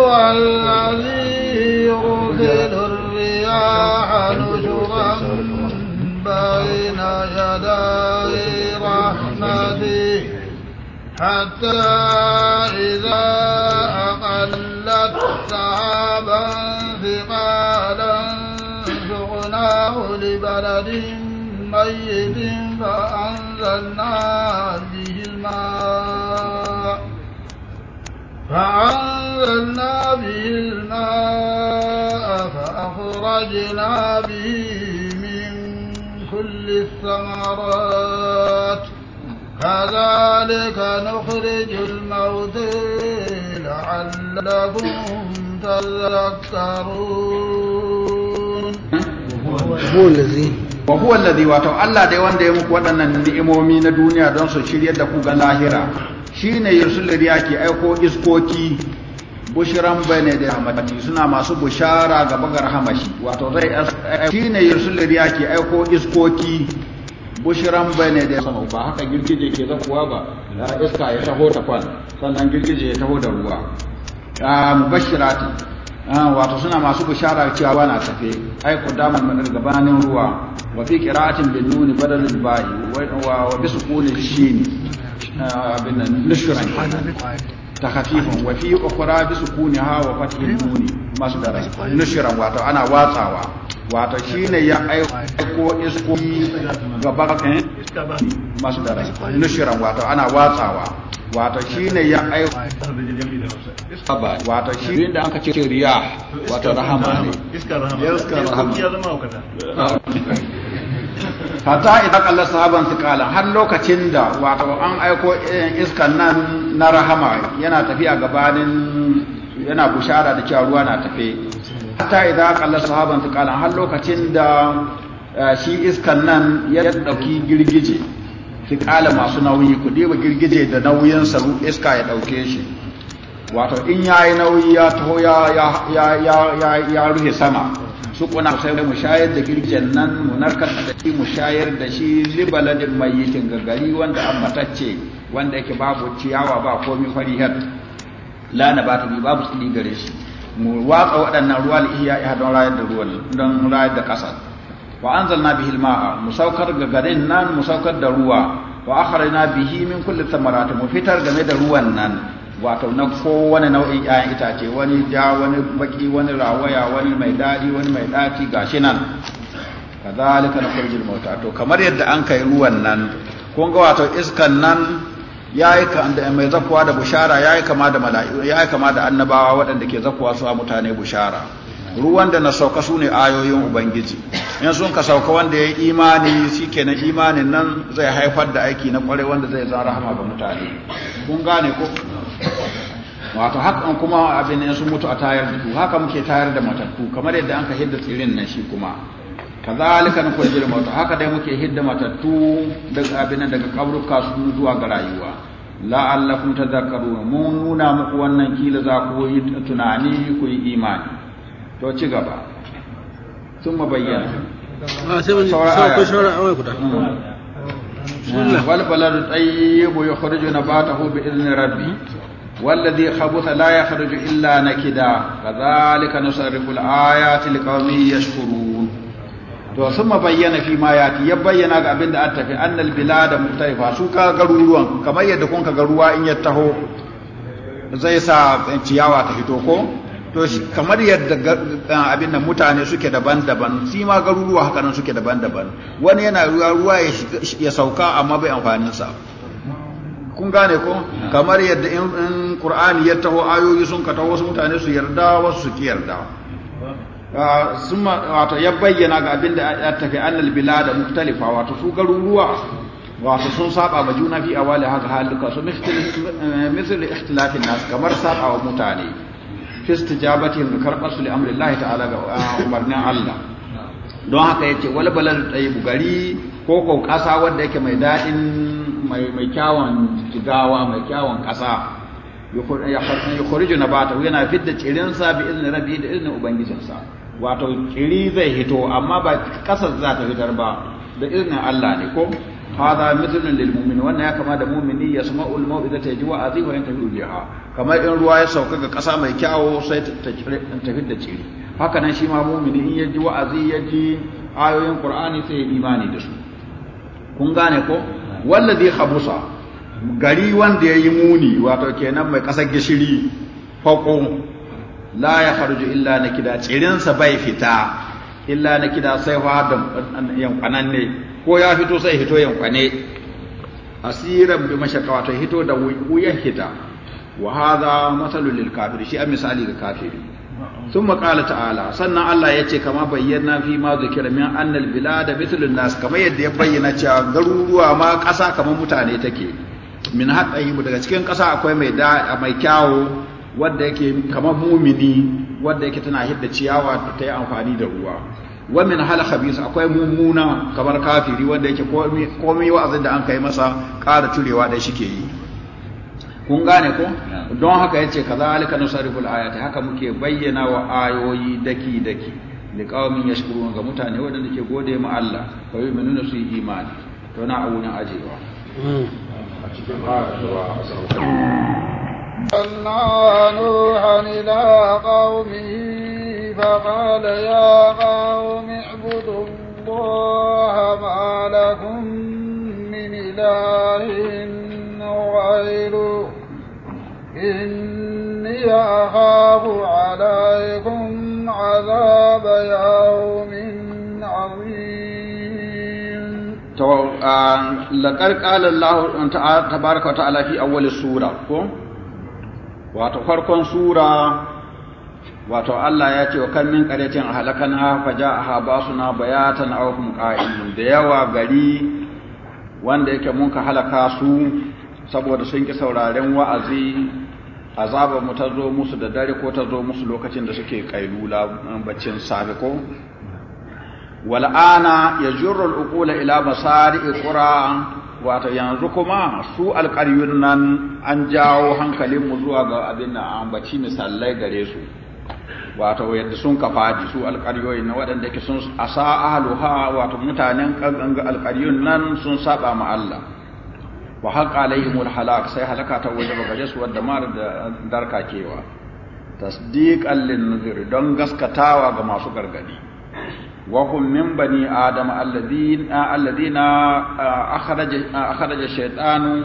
huwa حتى إذا أقلت سحابا ثقالا سقناه لبلد ميت فأنزلنا به الماء فأنزلنا به الماء فأخرجنا به من كل الثمرات كذلك نخرج الموتى لعلكم تذكرون هو الذي wa huwa alladhi wato Allah dai wanda ya muku waɗannan ni'imomi na duniya don su shiryar da ku ga lahira shine yusul da yake aiko iskoki bushiran bane da rahmati suna masu bushara gaba ga rahamashi wato zai shine yusul da yake aiko iskoki bushiran ne da sama ba haka girgije ke zakuwa ba la iska ya taho ta kwan sannan girgije ya taho da ruwa a mubashirati wato suna masu bishara cewa ba na tafe ai ku damar manar gabanin ruwa wa fi qira'atin bin nun badal al ba'i wa wa bi sukun al shin abin nishran ta khafifun wa fi ukhra bi ha wa fathi nun masu da rai nushiran wato ana watsawa wato shine ya aiko isko ga eh, bakin masu da rai nushiran wato ana watsawa wato shine ya aiko wato shi da aka ce riya wato rahama ne iskar rahama ya [LAUGHS] idan kallar sahaban su kala har lokacin da wato an aiko eh, iskan nan na rahama yana tafiya gabanin yana bushara da cewa ruwa na tafe hatta idan qalla sahaban kala har lokacin da eh, shi iskan nan ya dauki girgije kala masu nauyi ku ba girgije da nauyin sa iska ya dauke shi wato in yayi nauyi ya taho ya ya ruhe sama su kuna sai mu shayar da girgijen nan mu narkar da shi mu shayar da shi libaladin mayyitin gaggari wanda amma tace wanda yake babu ciyawa ba komi har la na bata bi babu tsili gare shi mu watsa waɗannan ruwa lihiya ya don rayar da ruwan don rayar da ƙasa wa anzalna bihi al-ma'a musaukar ga garin nan musaukar da ruwa wa akhrajna bihi min kulli thamarati mu fitar game da ruwan nan wato na kowane nau'in ƴaƴan itace wani ja wani baki wani rawaya wani mai daɗi wani mai ɗaci gashi nan na nukhrijul mauta to kamar yadda an kai ruwan nan kun ga wato iskan nan ya ka mai zakuwa da bushara yi kama da mala'iku yi kama da annabawa waɗanda ke zakuwa su a mutane bushara ruwan da na sauka su ne ayoyin ubangiji in sun ka sauka wanda ya imani shikenan imanin nan zai haifar da aiki na kware wanda zai zara hama ga mutane kun gane ko wato hakan kuma abin in sun mutu a tayar da haka muke tayar da matattu kamar yadda an ka hidda tsirin nan shi kuma kazalika na kwanjiri mata haka dai muke hidda matattu daga abin daga kabruka su zuwa ga rayuwa la'allakum tadhakkarun mun nuna muku wannan kila za ku yi tunani ku yi imani to ci gaba sun mabayyana والبلد الطيب يخرج نباته بإذن ربي والذي خبث لا يخرج إلا نكدا كذلك نصرف الآيات لقوم يشكرون to sun ma bayyana fi ma yati ya bayyana ga abin da an tafi annal bilada mutaifa su ka garuruwan kamar yadda kun ka ga ruwa in ya taho zai sa ciyawa ta fito ko to kamar yadda abin da mutane suke daban-daban shi ma garuruwa haka nan suke daban-daban wani yana ruwa ruwa ya sauka amma bai amfanin sa kun gane ko kamar yadda in qur'ani ya taho ayoyi sun ka taho wasu mutane su yarda wasu su ki yarda Ah, summa wato ya bayyana ga abinda ya tafi annal bilada mukhtalifa wato su garuruwa wato sun saba ma juna fi awali haka haluka su misal ikhtilafin nas kamar saba wa mutane fi istijabatihim ga karbar su li amrillahi ta'ala ga ah, umarnin Allah don haka yace wal balad tayyib gari ko ko kasa wanda yake mai dadin mai mai kyawun jigawa mai kyawun kasa yukhrijuna bata yana fidda cirinsa bi izni rabbi da iznin ubangijinsa wato kiri zai hito amma ba kasar za ta fitar ba da izinin Allah ne ko hada mithlun lil mu'min wannan ya kama da mu'mini ya idan ta yaji wa azi wa yantafi biha kamar in ruwa ya sauka ga kasa mai kyawo sai ta tafi da ciri haka nan shi ma mu'mini in yaji wa'azi yaji ayoyin qur'ani sai ya imani da su kun gane ko wallazi khabusa gari wanda yayi muni wato kenan mai kasar gishiri faqo la ya kharuju illa nakida tsirinsa bai fita illa nakida sai fa da yankwanan ne ko ya fito sai hito yankwane asiran bi mashaqqa to hito da wuyan hita wa hadha masalu lil kafir shi a misali ga kafiri thumma qala ta'ala sannan Allah yace kama bayyana fi ma zikira min annal bilada mithlun nas kama yadda ya bayyana cewa garuruwa ma ƙasa kamar mutane take min haɗa daga cikin ƙasa akwai mai da mai kyawo wadda yake kamar mumini wadda yake tana hidda ciyawa ta yi amfani da ruwa wamin hal khabis akwai mummuna kamar kafiri wanda yake komai wa'azin da an kai masa ƙara turewa da ke yi kun gane ko don haka yace kazalika nusariful ayati haka muke bayyana wa ayoyi daki daki liqaumin yashkurun ga mutane wadanda ke gode ma Allah fa yu'minuna su yi imani to na auna ajewa hmm. أرسلنا نوحا إلى قومه فقال يا قوم اعبدوا الله ما لكم من إله غيره إني أخاف عليكم عذاب يوم عظيم تو لقد قال الله تبارك وتعالى في أول السورة wato farkon sura wato Allah ya ce wa kan min qaryatin ahlakana fa ja'aha basuna bayatan aw hum qa'imun da yawa gari wanda yake mun ka halaka su saboda sun ki sauraren wa'azi azaba mu ta zo musu da dare ko ta zo musu lokacin da suke kailula um, baccin safe ko wal'ana yajurru al-uqula ila masari'i qura wato yanzu kuma su alƙaryun nan an jawo hankalinmu zuwa ga abin da ambaci misalai gare su wato yadda sun kafa su alƙaryoyi na waɗanda ke sun asa ahluha wato mutanen alƙaryun nan sun saba ma Allah wa haqa alaihimul halak sai halaka ta waje gare su wadda mar da kewa. tasdiqan lin don gaskatawa ga masu gargadi وهم من بني آدم الذين الذين أخرج أخرج الشيطان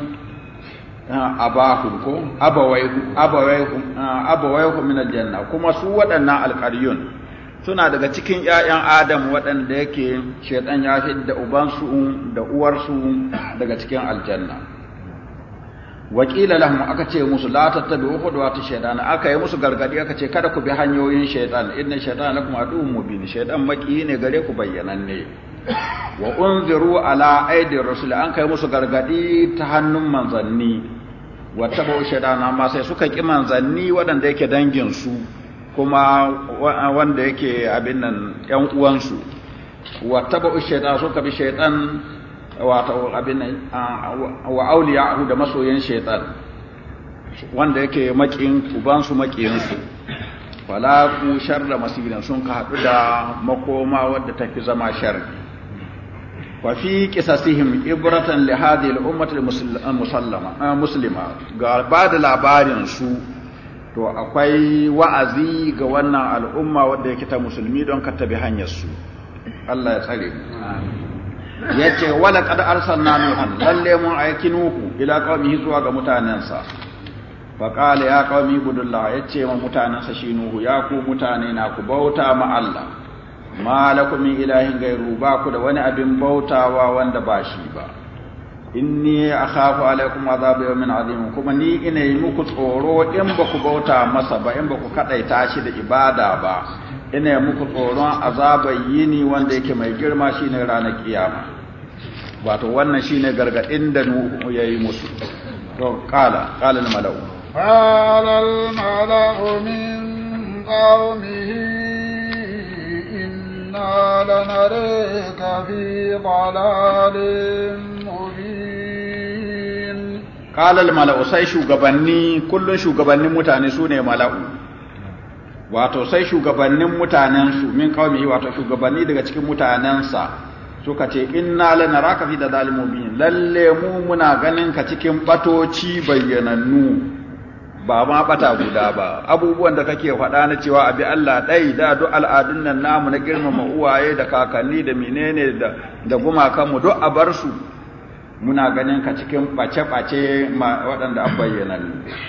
أباهم أبويهم أبويهم أبويهم من الجنة كما سوى أن القريون suna daga cikin ‘ya'yan Adam waɗanda yake shaiɗan ya da ubansu da uwarsu daga cikin aljanna. wakila lahum aka ce musu la tattabi'u ta shaytan aka yi musu gargadi aka ce kada ku bi hanyoyin shaytan inna shaytana lakum aduwwun mubin shaytan maki ne gare ku bayyananne wa unziru ala aidi rasul an kai musu gargadi ta hannun manzanni wa tabu shaytana amma sai suka ki manzanni wadanda yake dangin su kuma wanda yake abin nan yan uwan su wa tabu shaytana suka bi shaytan wato abin wa hu da masoyan shaytan wanda yake makin ubansu su wala ku sharra masirin sun ka hadu da makoma wadda tafi zama sharri wa fi qisasihim ibratan li hadhihi al-ummati al-musallama muslima ga bada labarin su to akwai wa'azi ga wannan al'umma wanda yake ta musulmi don ka tabi hanyar su Allah ya tsare mu amin Ya ce wala qad arsalna nuhan lalle mun aiki nuhu ila qaumihi zuwa ga mutanensa fa qala ya qaumi budullah yace ma mutanensa shi nuhu ya ku mutane na ku bauta ma Allah ma ilahin gairu ba ku da wani abin bautawa wanda ba shi ba inni akhafu alaikum azab yawmin azim kuma ni ina yi muku tsoro in ba ku bauta masa ba in ba ku kadaita shi da ibada ba ina muku tsoron azabar yini wanda yake mai girma shine ranar kiyama wato wannan shine gargaɗin da nuhu ya yi musu to kala qala malau qala malau min qaumihi inna lanaraka fi dalalin mubin malau sai shugabanni kullum shugabannin mutane su ne mala'u wato sai shugabannin mutanensu min kawai wato shugabanni daga cikin mutanensa suka ce inna lana raka fi da zalimin lalle mu muna ganin ka cikin batoci bayyanannu ba ma bata guda ba abubuwan da kake faɗa na cewa abi Allah ɗai da duk al'adun nan namu na girmama uwaye da kakanni da menene da da mu duk a bar su muna ganin ka cikin bace-bace waɗanda an